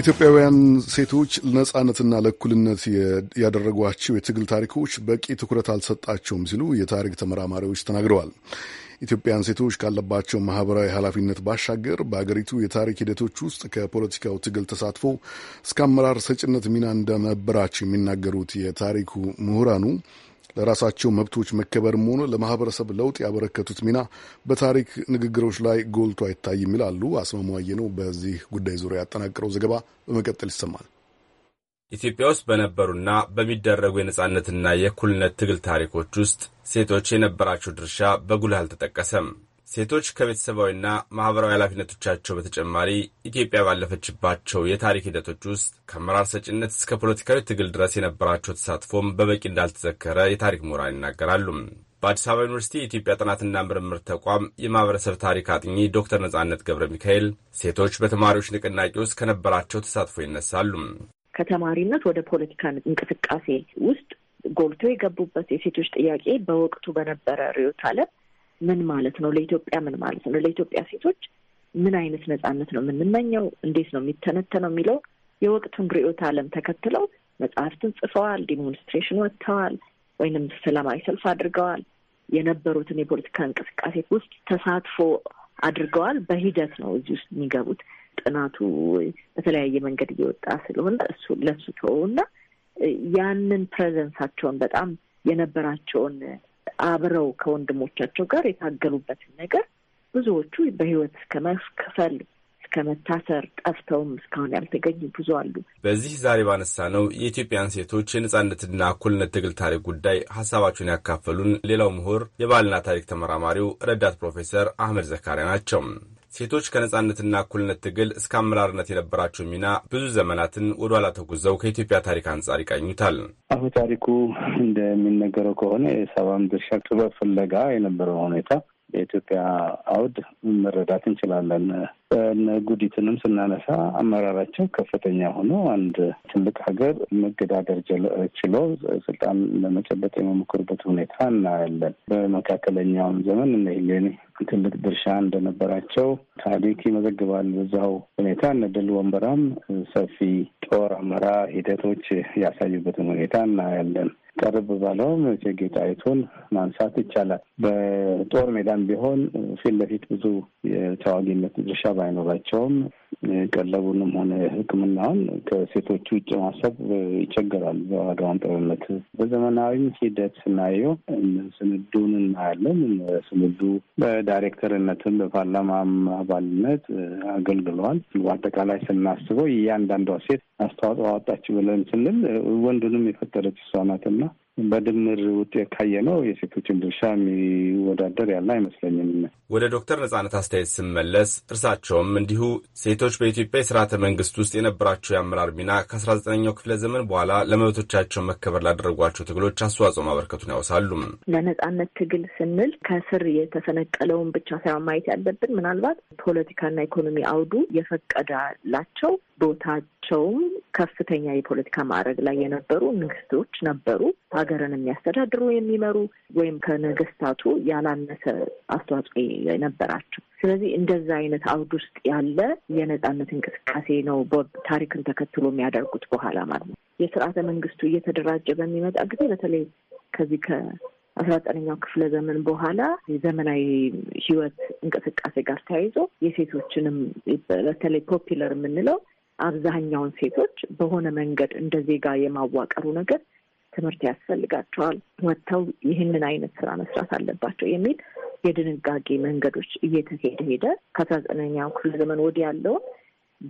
ኢትዮጵያውያን ሴቶች ለነጻነትና ለእኩልነት ያደረጓቸው የትግል ታሪኮች በቂ ትኩረት አልሰጣቸውም ሲሉ የታሪክ ተመራማሪዎች ተናግረዋል። ኢትዮጵያን ሴቶች ካለባቸው ማህበራዊ ኃላፊነት ባሻገር በአገሪቱ የታሪክ ሂደቶች ውስጥ ከፖለቲካው ትግል ተሳትፎ እስከ አመራር ሰጭነት ሚና እንደነበራቸው የሚናገሩት የታሪኩ ምሁራኑ ለራሳቸው መብቶች መከበርም ሆነ ለማህበረሰብ ለውጥ ያበረከቱት ሚና በታሪክ ንግግሮች ላይ ጎልቶ አይታይም ይላሉ። አስማማየ ነው በዚህ ጉዳይ ዙሪያ ያጠናቀረው ዘገባ በመቀጠል ይሰማል። ኢትዮጵያ ውስጥ በነበሩና በሚደረጉ የነጻነትና የእኩልነት ትግል ታሪኮች ውስጥ ሴቶች የነበራቸው ድርሻ በጉልህ አልተጠቀሰም። ሴቶች ከቤተሰባዊና ማኅበራዊ ኃላፊነቶቻቸው በተጨማሪ ኢትዮጵያ ባለፈችባቸው የታሪክ ሂደቶች ውስጥ ከአመራር ሰጭነት እስከ ፖለቲካዊ ትግል ድረስ የነበራቸው ተሳትፎም በበቂ እንዳልተዘከረ የታሪክ ምሁራን ይናገራሉ። በአዲስ አበባ ዩኒቨርሲቲ የኢትዮጵያ ጥናትና ምርምር ተቋም የማህበረሰብ ታሪክ አጥኚ ዶክተር ነጻነት ገብረ ሚካኤል ሴቶች በተማሪዎች ንቅናቄ ውስጥ ከነበራቸው ተሳትፎ ይነሳሉ። ከተማሪነት ወደ ፖለቲካ እንቅስቃሴ ውስጥ ጎልቶ የገቡበት የሴቶች ጥያቄ በወቅቱ በነበረ ርዕዮተ ዓለም ምን ማለት ነው? ለኢትዮጵያ ምን ማለት ነው? ለኢትዮጵያ ሴቶች ምን አይነት ነጻነት ነው የምንመኘው? እንዴት ነው የሚተነተነው? የሚለው የወቅቱን ርዕዮተ ዓለም ተከትለው መጽሐፍትን ጽፈዋል። ዲሞንስትሬሽን ወጥተዋል፣ ወይንም ሰላማዊ ሰልፍ አድርገዋል። የነበሩትን የፖለቲካ እንቅስቃሴ ውስጥ ተሳትፎ አድርገዋል። በሂደት ነው እዚህ ውስጥ የሚገቡት። ጥናቱ በተለያየ መንገድ እየወጣ ስለሆነ እሱ ለሱ እና ያንን ፕሬዘንሳቸውን በጣም የነበራቸውን አብረው ከወንድሞቻቸው ጋር የታገሉበትን ነገር ብዙዎቹ በህይወት እስከ መክፈል እስከ መታሰር ጠፍተውም እስካሁን ያልተገኙ ብዙ አሉ። በዚህ ዛሬ ባነሳ ነው የኢትዮጵያን ሴቶች የነጻነትና እኩልነት ትግል ታሪክ ጉዳይ ሀሳባቸውን ያካፈሉን ሌላው ምሁር የባህልና ታሪክ ተመራማሪው ረዳት ፕሮፌሰር አህመድ ዘካሪያ ናቸው። ሴቶች ከነጻነትና እኩልነት ትግል እስከ አመራርነት የነበራቸው ሚና ብዙ ዘመናትን ወደ ኋላ ተጉዘው ከኢትዮጵያ ታሪክ አንጻር ይቃኙታል። አፈ ታሪኩ እንደሚነገረው ከሆነ የሰባም ድርሻ ጥበብ ፍለጋ የነበረው ሁኔታ የኢትዮጵያ አውድ መረዳት እንችላለን። ጉዲትንም ስናነሳ አመራራቸው ከፍተኛ ሆኖ አንድ ትልቅ ሀገር መገዳደር ችሎ ስልጣን ለመጨበጥ የመሞክርበት ሁኔታ እናያለን። በመካከለኛውም ዘመን እነ ትልቅ ድርሻ እንደነበራቸው ታሪክ ይመዘግባል። በዛው ሁኔታ እነ ድል ወንበራም ሰፊ ጦር አመራር ሂደቶች ያሳዩበትን ሁኔታ እናያለን። ቀርብ ባለውም እቴጌ ጣይቱን ማንሳት ይቻላል። በጦር ሜዳም ቢሆን ፊት ለፊት ብዙ የተዋጊነት ድርሻ ባይኖራቸውም ቀለቡንም ሆነ ሕክምናውን ከሴቶች ውጭ ማሰብ ይቸገራል። በዋጋውን ጦርነት በዘመናዊም ሂደት ስናየው ስንዱን እናያለን። ስንዱ በዳይሬክተርነትም በፓርላማ አባልነት አገልግለዋል። በአጠቃላይ ስናስበው እያንዳንዷ ሴት አስተዋጽኦ አወጣች ብለን ስንል ወንዱንም የፈጠረች እሷ ናትና በድምር ውጤት ካየ ነው የሴቶችን ድርሻ የሚወዳደር ያለ አይመስለኝም። ወደ ዶክተር ነጻነት አስተያየት ስመለስ እርሳቸውም እንዲሁ ሴቶች በኢትዮጵያ የስርዓተ መንግስት ውስጥ የነበራቸው የአመራር ሚና ከ19ኛው ክፍለ ዘመን በኋላ ለመብቶቻቸው መከበር ላደረጓቸው ትግሎች አስተዋጽኦ ማበርከቱን ያወሳሉ። ለነጻነት ትግል ስንል ከስር የተፈነቀለውን ብቻ ሳይሆን ማየት ያለብን ምናልባት ፖለቲካና ኢኮኖሚ አውዱ የፈቀዳላቸው ቦታቸውም ከፍተኛ የፖለቲካ ማዕረግ ላይ የነበሩ ንግስቶች ነበሩ። ሀገርን የሚያስተዳድሩ የሚመሩ፣ ወይም ከነገስታቱ ያላነሰ አስተዋጽኦ የነበራቸው። ስለዚህ እንደዛ አይነት አውድ ውስጥ ያለ የነጻነት እንቅስቃሴ ነው ታሪክን ተከትሎ የሚያደርጉት በኋላ ማለት ነው። የስርዓተ መንግስቱ እየተደራጀ በሚመጣ ጊዜ በተለይ ከዚህ ከ አስራ ዘጠነኛው ክፍለ ዘመን በኋላ የዘመናዊ ህይወት እንቅስቃሴ ጋር ተያይዞ የሴቶችንም በተለይ ፖፒለር የምንለው አብዛኛውን ሴቶች በሆነ መንገድ እንደ ዜጋ የማዋቀሩ ነገር ትምህርት ያስፈልጋቸዋል። ወጥተው ይህንን አይነት ስራ መስራት አለባቸው የሚል የድንጋጌ መንገዶች እየተሄደ ሄደ። ከአስራ ዘጠነኛው ክፍለ ዘመን ወዲህ ያለውን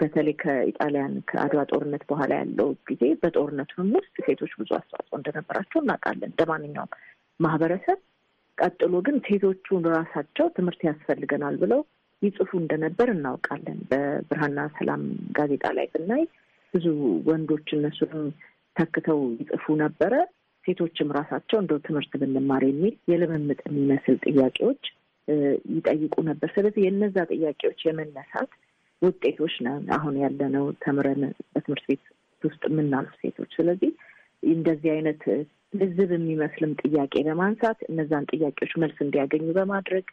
በተለይ ከኢጣሊያን ከአድዋ ጦርነት በኋላ ያለው ጊዜ በጦርነቱም ውስጥ ሴቶች ብዙ አስተዋጽኦ እንደነበራቸው እናውቃለን እንደ ማንኛውም ማህበረሰብ። ቀጥሎ ግን ሴቶቹ ራሳቸው ትምህርት ያስፈልገናል ብለው ይጽፉ እንደነበር እናውቃለን። በብርሃንና ሰላም ጋዜጣ ላይ ብናይ ብዙ ወንዶች እነሱንም ተክተው ይጽፉ ነበረ። ሴቶችም ራሳቸው እንደው ትምህርት ብንማር የሚል የልምምጥ የሚመስል ጥያቄዎች ይጠይቁ ነበር። ስለዚህ የእነዛ ጥያቄዎች የመነሳት ውጤቶች ነን አሁን ያለነው ተምረን በትምህርት ቤት ውስጥ የምናልፍ ሴቶች። ስለዚህ እንደዚህ አይነት ልዝብ የሚመስልም ጥያቄ በማንሳት እነዛን ጥያቄዎች መልስ እንዲያገኙ በማድረግ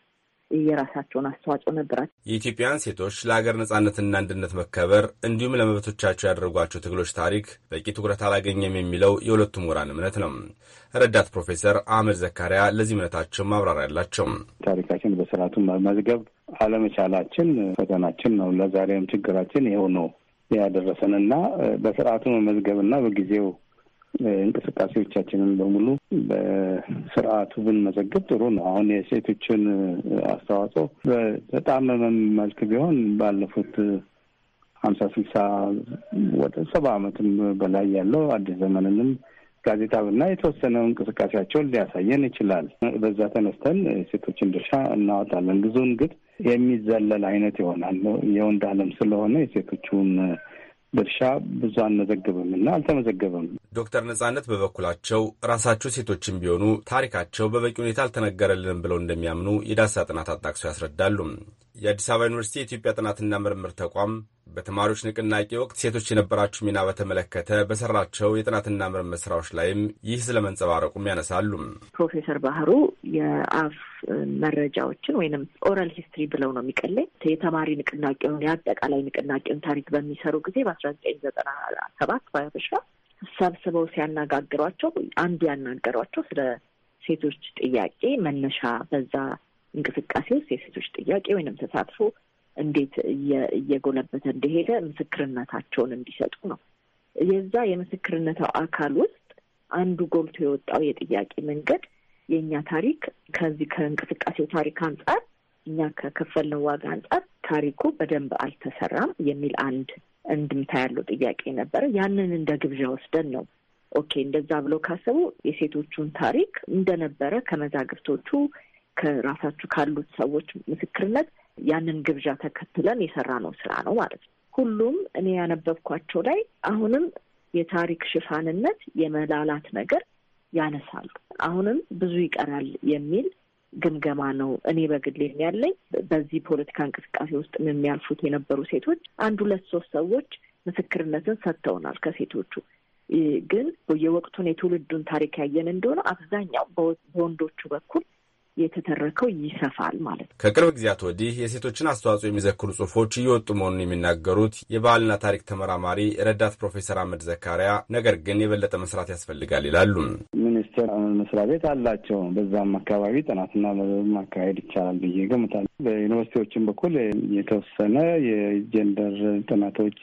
የራሳቸውን አስተዋጽኦ ነበራቸው። የኢትዮጵያን ሴቶች ለሀገር ነጻነትና አንድነት መከበር እንዲሁም ለመብቶቻቸው ያደረጓቸው ትግሎች ታሪክ በቂ ትኩረት አላገኘም የሚለው የሁለቱ ምሁራን እምነት ነው። ረዳት ፕሮፌሰር አህመድ ዘካሪያ ለዚህ እምነታቸው ማብራሪያ አላቸው። ታሪካችን በስርዓቱ መመዝገብ አለመቻላችን ፈተናችን ነው። ለዛሬም ችግራችን ይኸው ነው ያደረሰንና በስርዓቱ መመዝገብና በጊዜው እንቅስቃሴዎቻችንን በሙሉ በስርዓቱ ብንመዘግብ ጥሩ ነው። አሁን የሴቶችን አስተዋጽኦ በጣም መመልክ ቢሆን ባለፉት ሀምሳ ስልሳ ወደ ሰባ ዓመትም በላይ ያለው አዲስ ዘመንንም ጋዜጣ ብና የተወሰነ እንቅስቃሴያቸውን ሊያሳየን ይችላል። በዛ ተነስተን የሴቶችን ድርሻ እናወጣለን። ብዙውን ግን የሚዘለል አይነት ይሆናል። የወንድ ዓለም ስለሆነ የሴቶቹን ድርሻ ብዙ አልመዘገበም እና አልተመዘገበም። ዶክተር ነጻነት በበኩላቸው ራሳቸው ሴቶችም ቢሆኑ ታሪካቸው በበቂ ሁኔታ አልተነገረልንም ብለው እንደሚያምኑ የዳሳ ጥናት አጣቅሰው ያስረዳሉ። የአዲስ አበባ ዩኒቨርሲቲ የኢትዮጵያ ጥናትና ምርምር ተቋም በተማሪዎች ንቅናቄ ወቅት ሴቶች የነበራቸው ሚና በተመለከተ በሰራቸው የጥናትና ምርምር ስራዎች ላይም ይህ ስለመንጸባረቁም ያነሳሉ። ፕሮፌሰር ባህሩ የአፍ መረጃዎችን ወይንም ኦራል ሂስትሪ ብለው ነው የሚቀለኝ የተማሪ ንቅናቄውን የአጠቃላይ ንቅናቄውን ታሪክ በሚሰሩ ጊዜ በአስራ ዘጠኝ ዘጠና ሰባት ባያበሻ ሰብስበው ሲያነጋግሯቸው አንዱ ያናገሯቸው ስለ ሴቶች ጥያቄ መነሻ በዛ እንቅስቃሴ ውስጥ የሴቶች ጥያቄ ወይንም ተሳትፎ እንዴት እየጎለበተ እንደሄደ ምስክርነታቸውን እንዲሰጡ ነው። የዛ የምስክርነት አካል ውስጥ አንዱ ጎልቶ የወጣው የጥያቄ መንገድ የእኛ ታሪክ ከዚህ ከእንቅስቃሴው ታሪክ አንጻር እኛ ከከፈልነው ዋጋ አንጻር ታሪኩ በደንብ አልተሰራም የሚል አንድ እንድምታ ያለው ጥያቄ ነበረ። ያንን እንደ ግብዣ ወስደን ነው ኦኬ፣ እንደዛ ብለው ካሰቡ የሴቶቹን ታሪክ እንደነበረ ከመዛግብቶቹ ከራሳችሁ ካሉት ሰዎች ምስክርነት ያንን ግብዣ ተከትለን የሰራ ነው ስራ ነው ማለት ነው። ሁሉም እኔ ያነበብኳቸው ላይ አሁንም የታሪክ ሽፋንነት የመላላት ነገር ያነሳሉ። አሁንም ብዙ ይቀራል የሚል ግምገማ ነው እኔ በግሌ ያለኝ። በዚህ ፖለቲካ እንቅስቃሴ ውስጥ የሚያልፉት የነበሩ ሴቶች አንድ ሁለት ሶስት ሰዎች ምስክርነትን ሰጥተውናል። ከሴቶቹ ግን የወቅቱን የትውልዱን ታሪክ ያየን እንደሆነ አብዛኛው በወንዶቹ በኩል የተተረከው ይሰፋል ማለት ነው። ከቅርብ ጊዜያት ወዲህ የሴቶችን አስተዋጽኦ የሚዘክሩ ጽሁፎች እየወጡ መሆኑን የሚናገሩት የባህልና ታሪክ ተመራማሪ ረዳት ፕሮፌሰር አህመድ ዘካሪያ ነገር ግን የበለጠ መስራት ያስፈልጋል ይላሉ። ሚኒስቴር መስሪያ ቤት አላቸው። በዛም አካባቢ ጥናትና ማካሄድ ይቻላል ብዬ እገምታለሁ። በዩኒቨርሲቲዎችም በኩል የተወሰነ የጀንደር ጥናቶች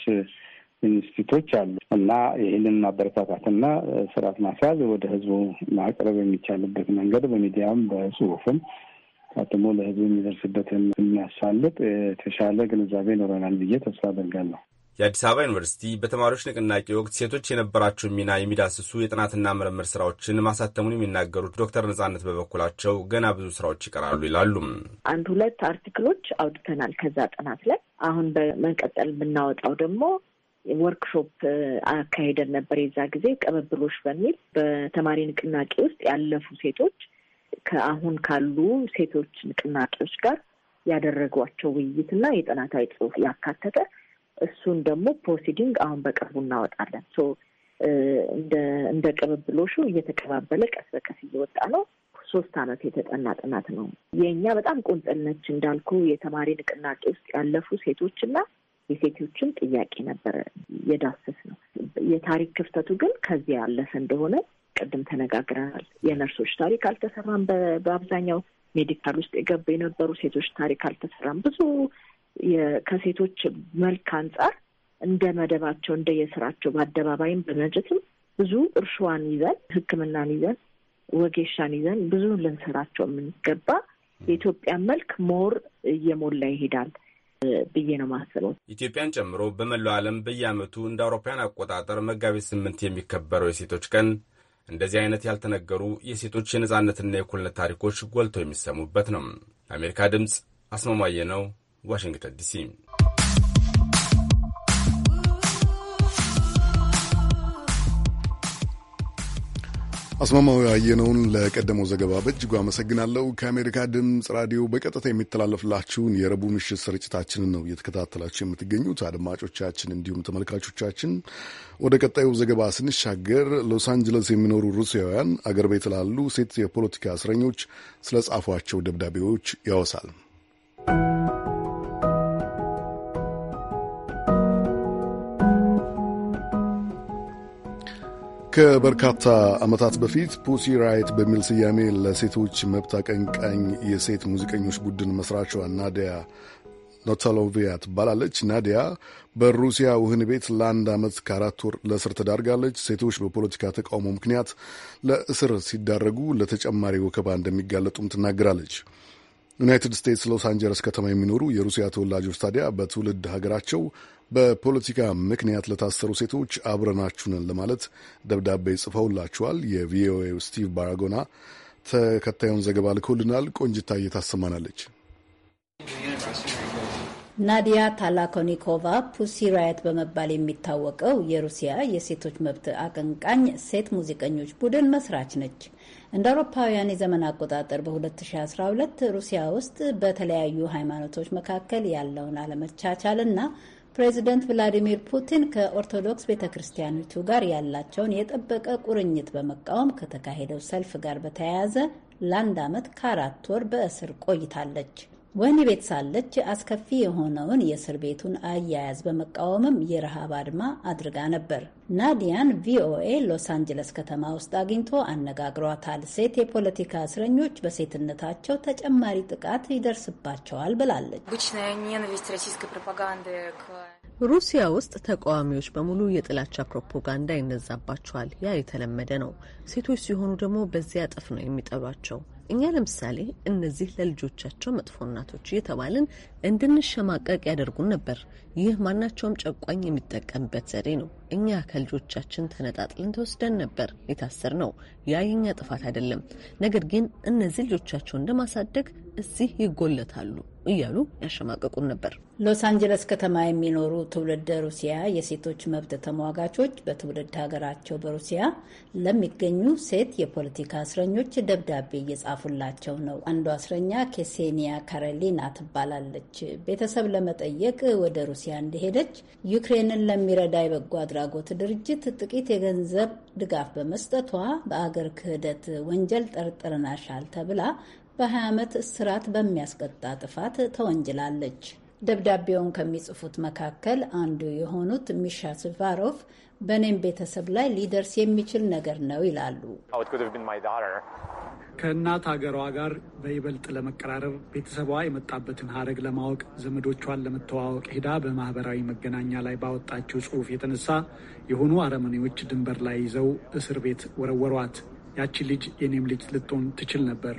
ኢንስቲቱቶች አሉ እና ይህንን ማበረታታትና ስርዓት ማስያዝ ወደ ህዝቡ ማቅረብ የሚቻልበት መንገድ በሚዲያም በጽሁፍም ታትሞ ለህዝቡ የሚደርስበትን የሚያሳልጥ የተሻለ ግንዛቤ ይኖረናል ብዬ ተስፋ አደርጋለሁ። የአዲስ አበባ ዩኒቨርሲቲ በተማሪዎች ንቅናቄ ወቅት ሴቶች የነበራቸውን ሚና የሚዳስሱ የጥናትና ምርምር ስራዎችን ማሳተሙን የሚናገሩት ዶክተር ነጻነት በበኩላቸው ገና ብዙ ስራዎች ይቀራሉ ይላሉም። አንድ ሁለት አርቲክሎች አውድተናል ከዛ ጥናት ላይ አሁን በመቀጠል የምናወጣው ደግሞ ወርክሾፕ አካሄደን ነበር። የዛ ጊዜ ቀበብሎች በሚል በተማሪ ንቅናቄ ውስጥ ያለፉ ሴቶች ከአሁን ካሉ ሴቶች ንቅናቄዎች ጋር ያደረጓቸው ውይይትና የጥናታዊ ጽሑፍ ያካተተ እሱን ደግሞ ፕሮሲዲንግ አሁን በቅርቡ እናወጣለን። እንደ ቅብብሎሹ እየተቀባበለ ቀስ በቀስ እየወጣ ነው። ሶስት ዓመት የተጠና ጥናት ነው። የእኛ በጣም ቁንጥል ነች እንዳልኩ የተማሪ ንቅናቄ ውስጥ ያለፉ ሴቶች እና የሴቶችን ጥያቄ ነበረ የዳሰስ ነው። የታሪክ ክፍተቱ ግን ከዚያ ያለፈ እንደሆነ ቅድም ተነጋግረናል። የነርሶች ታሪክ አልተሰራም። በአብዛኛው ሜዲካል ውስጥ የገቡ የነበሩ ሴቶች ታሪክ አልተሰራም። ብዙ ከሴቶች መልክ አንጻር እንደ መደባቸው እንደ የስራቸው በአደባባይም በመጀትም ብዙ እርሻዋን ይዘን ሕክምናን ይዘን ወጌሻን ይዘን ብዙ ልንሰራቸው የምንገባ የኢትዮጵያ መልክ ሞር እየሞላ ይሄዳል። ብዬ ነው ማስበው። ኢትዮጵያን ጨምሮ በመላው ዓለም በየዓመቱ እንደ አውሮፓውያን አቆጣጠር መጋቢት ስምንት የሚከበረው የሴቶች ቀን እንደዚህ አይነት ያልተነገሩ የሴቶች የነጻነትና የእኩልነት ታሪኮች ጎልተው የሚሰሙበት ነው። ለአሜሪካ ድምፅ አስማማየ ነው፣ ዋሽንግተን ዲሲ። አስማማው ያየነውን ለቀደመው ዘገባ በእጅጉ አመሰግናለሁ። ከአሜሪካ ድምፅ ራዲዮ በቀጥታ የሚተላለፍላችሁን የረቡዕ ምሽት ስርጭታችንን ነው እየተከታተላችሁ የምትገኙት አድማጮቻችን፣ እንዲሁም ተመልካቾቻችን። ወደ ቀጣዩ ዘገባ ስንሻገር ሎስ አንጀለስ የሚኖሩ ሩሲያውያን አገር ቤት ላሉ ሴት የፖለቲካ እስረኞች ስለ ጻፏቸው ደብዳቤዎች ያወሳል። ከበርካታ ዓመታት በፊት ፑሲ ራይት በሚል ስያሜ ለሴቶች መብት አቀንቃኝ የሴት ሙዚቀኞች ቡድን መስራቿ ናዲያ ኖታሎቪያ ትባላለች። ናዲያ በሩሲያ ውህን ቤት ለአንድ ዓመት ከአራት ወር ለእስር ተዳርጋለች። ሴቶች በፖለቲካ ተቃውሞ ምክንያት ለእስር ሲዳረጉ ለተጨማሪ ወከባ እንደሚጋለጡም ትናገራለች። ዩናይትድ ስቴትስ ሎስ አንጀለስ ከተማ የሚኖሩ የሩሲያ ተወላጆች ታዲያ በትውልድ ሀገራቸው በፖለቲካ ምክንያት ለታሰሩ ሴቶች አብረናችሁንን ለማለት ደብዳቤ ጽፈውላችኋል። የቪኦኤው ስቲቭ ባራጎና ተከታዩን ዘገባ ልኮልናል። ቆንጅታ እየታሰማናለች። ናዲያ ታላኮኒኮቫ ፑሲ ራየት በመባል የሚታወቀው የሩሲያ የሴቶች መብት አቀንቃኝ ሴት ሙዚቀኞች ቡድን መስራች ነች። እንደ አውሮፓውያን የዘመን አቆጣጠር በ2012 ሩሲያ ውስጥ በተለያዩ ሃይማኖቶች መካከል ያለውን አለመቻቻል እና ፕሬዚደንት ቭላዲሚር ፑቲን ከኦርቶዶክስ ቤተ ክርስቲያኖቹ ጋር ያላቸውን የጠበቀ ቁርኝት በመቃወም ከተካሄደው ሰልፍ ጋር በተያያዘ ለአንድ ዓመት ከአራት ወር በእስር ቆይታለች። ወህኒ ቤት ሳለች አስከፊ የሆነውን የእስር ቤቱን አያያዝ በመቃወምም የረሃብ አድማ አድርጋ ነበር። ናዲያን ቪኦኤ ሎስ አንጀለስ ከተማ ውስጥ አግኝቶ አነጋግሯታል። ሴት የፖለቲካ እስረኞች በሴትነታቸው ተጨማሪ ጥቃት ይደርስባቸዋል ብላለች። ሩሲያ ውስጥ ተቃዋሚዎች በሙሉ የጥላቻ ፕሮፓጋንዳ ይነዛባቸዋል። ያ የተለመደ ነው። ሴቶች ሲሆኑ ደግሞ በዚያ እጥፍ ነው የሚጠሏቸው። እኛ ለምሳሌ እነዚህ ለልጆቻቸው መጥፎ እናቶች እየተባልን እንድንሸማቀቅ ያደርጉን ነበር። ይህ ማናቸውም ጨቋኝ የሚጠቀምበት ዘዴ ነው። እኛ ከልጆቻችን ተነጣጥለን ተወስደን ነበር የታሰር ነው። ያ የኛ ጥፋት አይደለም። ነገር ግን እነዚህ ልጆቻቸውን ለማሳደግ እዚህ ይጎለታሉ። እያሉ ያሸማቀቁን ነበር። ሎስ አንጀለስ ከተማ የሚኖሩ ትውልድ ሩሲያ የሴቶች መብት ተሟጋቾች በትውልድ ሀገራቸው በሩሲያ ለሚገኙ ሴት የፖለቲካ እስረኞች ደብዳቤ እየጻፉላቸው ነው። አንዷ እስረኛ ኬሴኒያ ካረሊና ትባላለች። ቤተሰብ ለመጠየቅ ወደ ሩሲያ እንደሄደች ዩክሬንን ለሚረዳ የበጎ አድራጎት ድርጅት ጥቂት የገንዘብ ድጋፍ በመስጠቷ በአገር ክህደት ወንጀል ጠርጥረናሻል ተብላ በ20 ዓመት እስራት በሚያስቀጣ ጥፋት ተወንጅላለች። ደብዳቤውን ከሚጽፉት መካከል አንዱ የሆኑት ሚሻ ስቫሮቭ በእኔም ቤተሰብ ላይ ሊደርስ የሚችል ነገር ነው ይላሉ። ከእናት ሀገሯ ጋር በይበልጥ ለመቀራረብ ቤተሰቧ የመጣበትን ሀረግ ለማወቅ ዘመዶቿን ለመተዋወቅ ሄዳ በማህበራዊ መገናኛ ላይ ባወጣችው ጽሑፍ የተነሳ የሆኑ አረመኔዎች ድንበር ላይ ይዘው እስር ቤት ወረወሯት። ያቺ ልጅ የኔም ልጅ ልትሆን ትችል ነበር።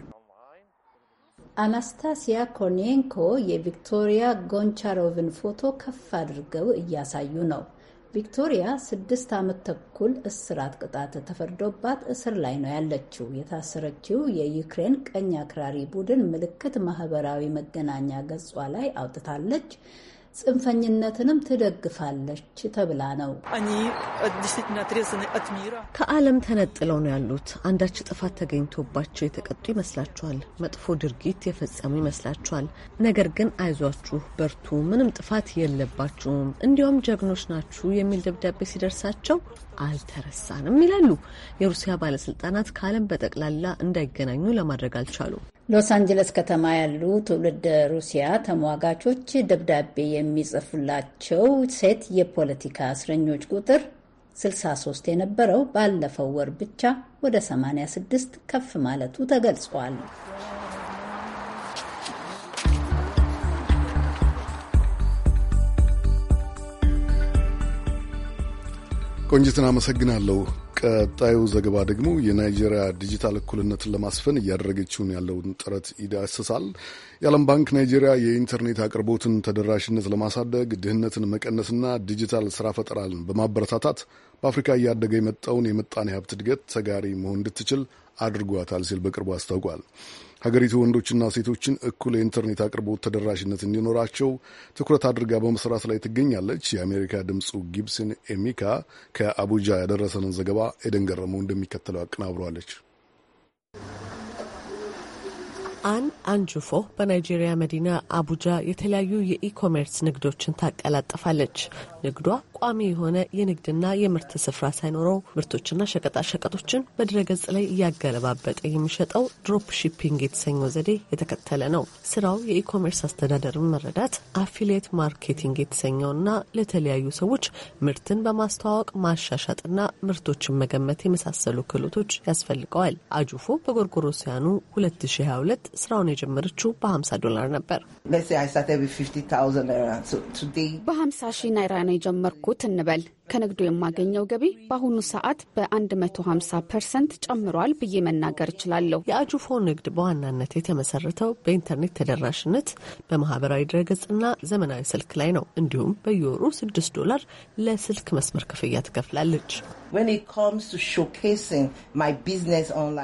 አናስታሲያ ኮርኔንኮ የቪክቶሪያ ጎንቻሮቭን ፎቶ ከፍ አድርገው እያሳዩ ነው። ቪክቶሪያ ስድስት ዓመት ተኩል እስራት ቅጣት ተፈርዶባት እስር ላይ ነው ያለችው። የታሰረችው የዩክሬን ቀኝ አክራሪ ቡድን ምልክት ማህበራዊ መገናኛ ገጿ ላይ አውጥታለች። ጽንፈኝነትንም ትደግፋለች ተብላ ነው። ከዓለም ተነጥለው ነው ያሉት። አንዳች ጥፋት ተገኝቶባቸው የተቀጡ ይመስላችኋል። መጥፎ ድርጊት የፈጸሙ ይመስላችኋል። ነገር ግን አይዟችሁ፣ በርቱ፣ ምንም ጥፋት የለባችሁም፣ እንዲያውም ጀግኖች ናችሁ የሚል ደብዳቤ ሲደርሳቸው አልተረሳንም ይላሉ። የሩሲያ ባለስልጣናት ከዓለም በጠቅላላ እንዳይገናኙ ለማድረግ አልቻሉም። ሎስ አንጀለስ ከተማ ያሉ ትውልድ ሩሲያ ተሟጋቾች ደብዳቤ የሚጽፉላቸው ሴት የፖለቲካ እስረኞች ቁጥር 63 የነበረው ባለፈው ወር ብቻ ወደ 86 ከፍ ማለቱ ተገልጿል። ቆንጅትን አመሰግናለሁ። ቀጣዩ ዘገባ ደግሞ የናይጄሪያ ዲጂታል እኩልነትን ለማስፈን እያደረገችውን ያለውን ጥረት ይዳስሳል። የዓለም ባንክ ናይጄሪያ የኢንተርኔት አቅርቦትን ተደራሽነት ለማሳደግ ድህነትን መቀነስና ዲጂታል ስራ ፈጠራን በማበረታታት በአፍሪካ እያደገ የመጣውን የምጣኔ ሀብት እድገት ተጋሪ መሆን እንድትችል አድርጓታል ሲል በቅርቡ አስታውቋል። ሀገሪቱ ወንዶችና ሴቶችን እኩል የኢንተርኔት አቅርቦት ተደራሽነት እንዲኖራቸው ትኩረት አድርጋ በመስራት ላይ ትገኛለች። የአሜሪካ ድምፁ ጊብስን ኤሚካ ከአቡጃ ያደረሰንን ዘገባ ኤደን ገረመው እንደሚከተለው አቀናብሯለች። አን አንጁፎ በናይጄሪያ መዲና አቡጃ የተለያዩ የኢኮሜርስ ንግዶችን ታቀላጥፋለች። ንግዷ ቋሚ የሆነ የንግድና የምርት ስፍራ ሳይኖረው ምርቶችና ሸቀጣሸቀጦችን በድረገጽ ላይ እያገለባበጠ የሚሸጠው ድሮፕ ሺፒንግ የተሰኘው ዘዴ የተከተለ ነው። ስራው የኢኮሜርስ አስተዳደርን መረዳት፣ አፊሊየት ማርኬቲንግ የተሰኘውና ለተለያዩ ሰዎች ምርትን በማስተዋወቅ ማሻሻጥና ምርቶችን መገመት የመሳሰሉ ክህሎቶች ያስፈልገዋል። አጁፎ በጎርጎሮሲያኑ 2022 ስራውን የጀመረችው በ50 ዶላር ነበር። በ50 ናይራ ነው የጀመርኩ የሚያውቁት እንበል ከንግዱ የማገኘው ገቢ በአሁኑ ሰዓት በ150 ፐርሰንት ጨምሯል ብዬ መናገር እችላለሁ። የአጁፎ ንግድ በዋናነት የተመሰረተው በኢንተርኔት ተደራሽነት በማህበራዊ ድረገጽና ዘመናዊ ስልክ ላይ ነው። እንዲሁም በየወሩ 6 ዶላር ለስልክ መስመር ክፍያ ትከፍላለች።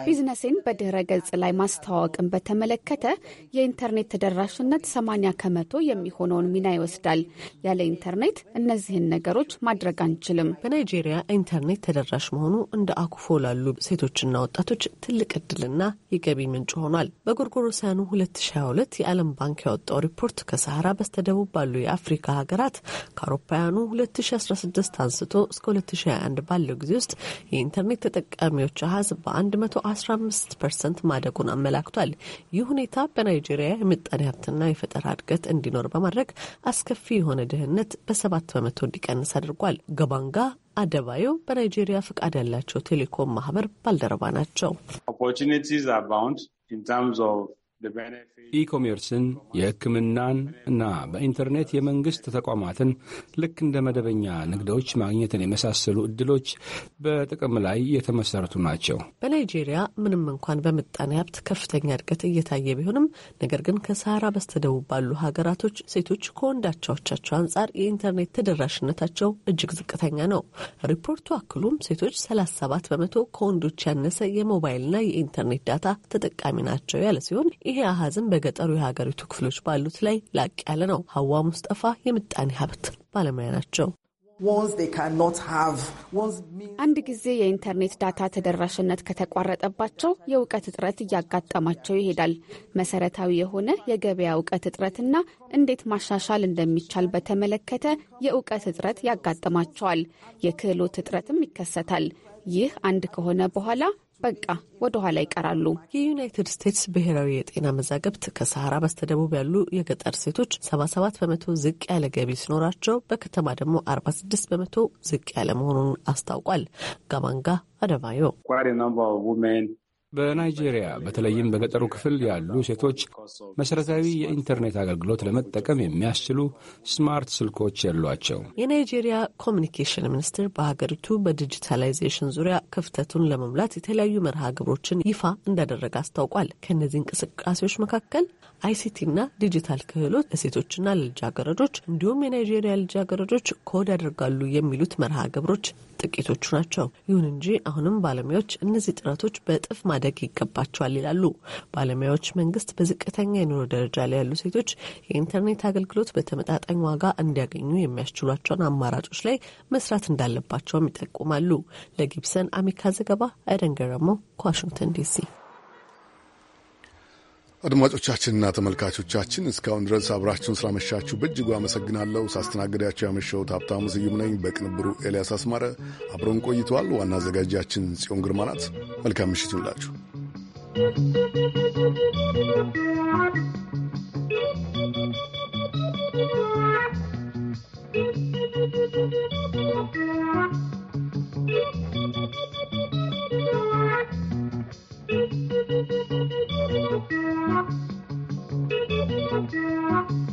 ቢዝነሴን በድረ ገጽ ላይ ማስተዋወቅን በተመለከተ የኢንተርኔት ተደራሽነት 80 ከመቶ የሚሆነውን ሚና ይወስዳል። ያለ ኢንተርኔት እነዚህን ነገሮች ነገሮች ማድረግ አንችልም። በናይጄሪያ ኢንተርኔት ተደራሽ መሆኑ እንደ አኩፎ ላሉ ሴቶችና ወጣቶች ትልቅ እድልና የገቢ ምንጭ ሆኗል። በጎርጎሮሳውያኑ 2022 የዓለም ባንክ ያወጣው ሪፖርት ከሰሃራ በስተደቡብ ባሉ የአፍሪካ ሀገራት ከአውሮፓውያኑ 2016 አንስቶ እስከ 2021 ባለው ጊዜ ውስጥ የኢንተርኔት ተጠቃሚዎች አሀዝ በ115 ፐርሰንት ማደጉን አመላክቷል። ይህ ሁኔታ በናይጄሪያ የምጣኔ ሀብትና የፈጠራ እድገት እንዲኖር በማድረግ አስከፊ የሆነ ድህነት በሰባት በመቶ እንዲቀንስ ዳንስ አድርጓል። ገባንጋ አደባዮ በናይጄሪያ ፈቃድ ያላቸው ቴሌኮም ማህበር ባልደረባ ናቸው። ኦፖርቹኒቲስ አባውንድ ኢን ተርምስ ኦፍ ኢኮሜርስን፣ የሕክምናን እና በኢንተርኔት የመንግሥት ተቋማትን ልክ እንደ መደበኛ ንግዶች ማግኘትን የመሳሰሉ እድሎች በጥቅም ላይ የተመሰረቱ ናቸው። በናይጄሪያ ምንም እንኳን በምጣኔ ሀብት ከፍተኛ እድገት እየታየ ቢሆንም ነገር ግን ከሰሃራ በስተደቡብ ባሉ ሀገራቶች ሴቶች ከወንዳቻዎቻቸው አንጻር የኢንተርኔት ተደራሽነታቸው እጅግ ዝቅተኛ ነው። ሪፖርቱ አክሉም ሴቶች 37 በመቶ ከወንዶች ያነሰ የሞባይልና የኢንተርኔት ዳታ ተጠቃሚ ናቸው ያለ ሲሆን ይሄ አሀዝም በገጠሩ የሀገሪቱ ክፍሎች ባሉት ላይ ላቅ ያለ ነው። ሀዋ ሙስጠፋ የምጣኔ ሀብት ባለሙያ ናቸው። አንድ ጊዜ የኢንተርኔት ዳታ ተደራሽነት ከተቋረጠባቸው የእውቀት እጥረት እያጋጠማቸው ይሄዳል። መሰረታዊ የሆነ የገበያ እውቀት እጥረትና እንዴት ማሻሻል እንደሚቻል በተመለከተ የእውቀት እጥረት ያጋጥማቸዋል። የክህሎት እጥረትም ይከሰታል። ይህ አንድ ከሆነ በኋላ በቃ ወደ ኋላ ይቀራሉ። የዩናይትድ ስቴትስ ብሔራዊ የጤና መዛግብት ከሰሃራ በስተደቡብ ያሉ የገጠር ሴቶች 77 በመቶ ዝቅ ያለ ገቢ ሲኖራቸው በከተማ ደግሞ 46 በመቶ ዝቅ ያለ መሆኑን አስታውቋል። ጋማንጋ አደባዮ በናይጄሪያ በተለይም በገጠሩ ክፍል ያሉ ሴቶች መሠረታዊ የኢንተርኔት አገልግሎት ለመጠቀም የሚያስችሉ ስማርት ስልኮች የሏቸው። የናይጄሪያ ኮሚኒኬሽን ሚኒስቴር በሀገሪቱ በዲጂታላይዜሽን ዙሪያ ክፍተቱን ለመሙላት የተለያዩ መርሃ ግብሮችን ይፋ እንዳደረገ አስታውቋል። ከእነዚህ እንቅስቃሴዎች መካከል አይሲቲና ዲጂታል ክህሎት ለሴቶችና ለልጃገረዶች እንዲሁም የናይጄሪያ ልጃገረዶች ኮድ ያደርጋሉ የሚሉት መርሃ ግብሮች ጥቂቶቹ ናቸው። ይሁን እንጂ አሁንም ባለሙያዎች እነዚህ ጥረቶች በእጥፍ ማደግ ይገባቸዋል ይላሉ። ባለሙያዎች መንግስት በዝቅተኛ የኑሮ ደረጃ ላይ ያሉ ሴቶች የኢንተርኔት አገልግሎት በተመጣጣኝ ዋጋ እንዲያገኙ የሚያስችሏቸውን አማራጮች ላይ መስራት እንዳለባቸውም ይጠቁማሉ። ለጊብሰን አሜሪካ ዘገባ አደን ገረመው ከዋሽንግተን ዲሲ አድማጮቻችንና ተመልካቾቻችን እስካሁን ድረስ አብራችሁን ስላመሻችሁ በእጅጉ አመሰግናለሁ። ሳስተናግዳችሁ ያመሸሁት ሀብታሙ ስዩም ነኝ። በቅንብሩ ኤልያስ አስማረ አብረን ቆይተዋል። ዋና አዘጋጃችን ጽዮን ግርማ ናት። መልካም ምሽት ይሁንላችሁ። Thank you.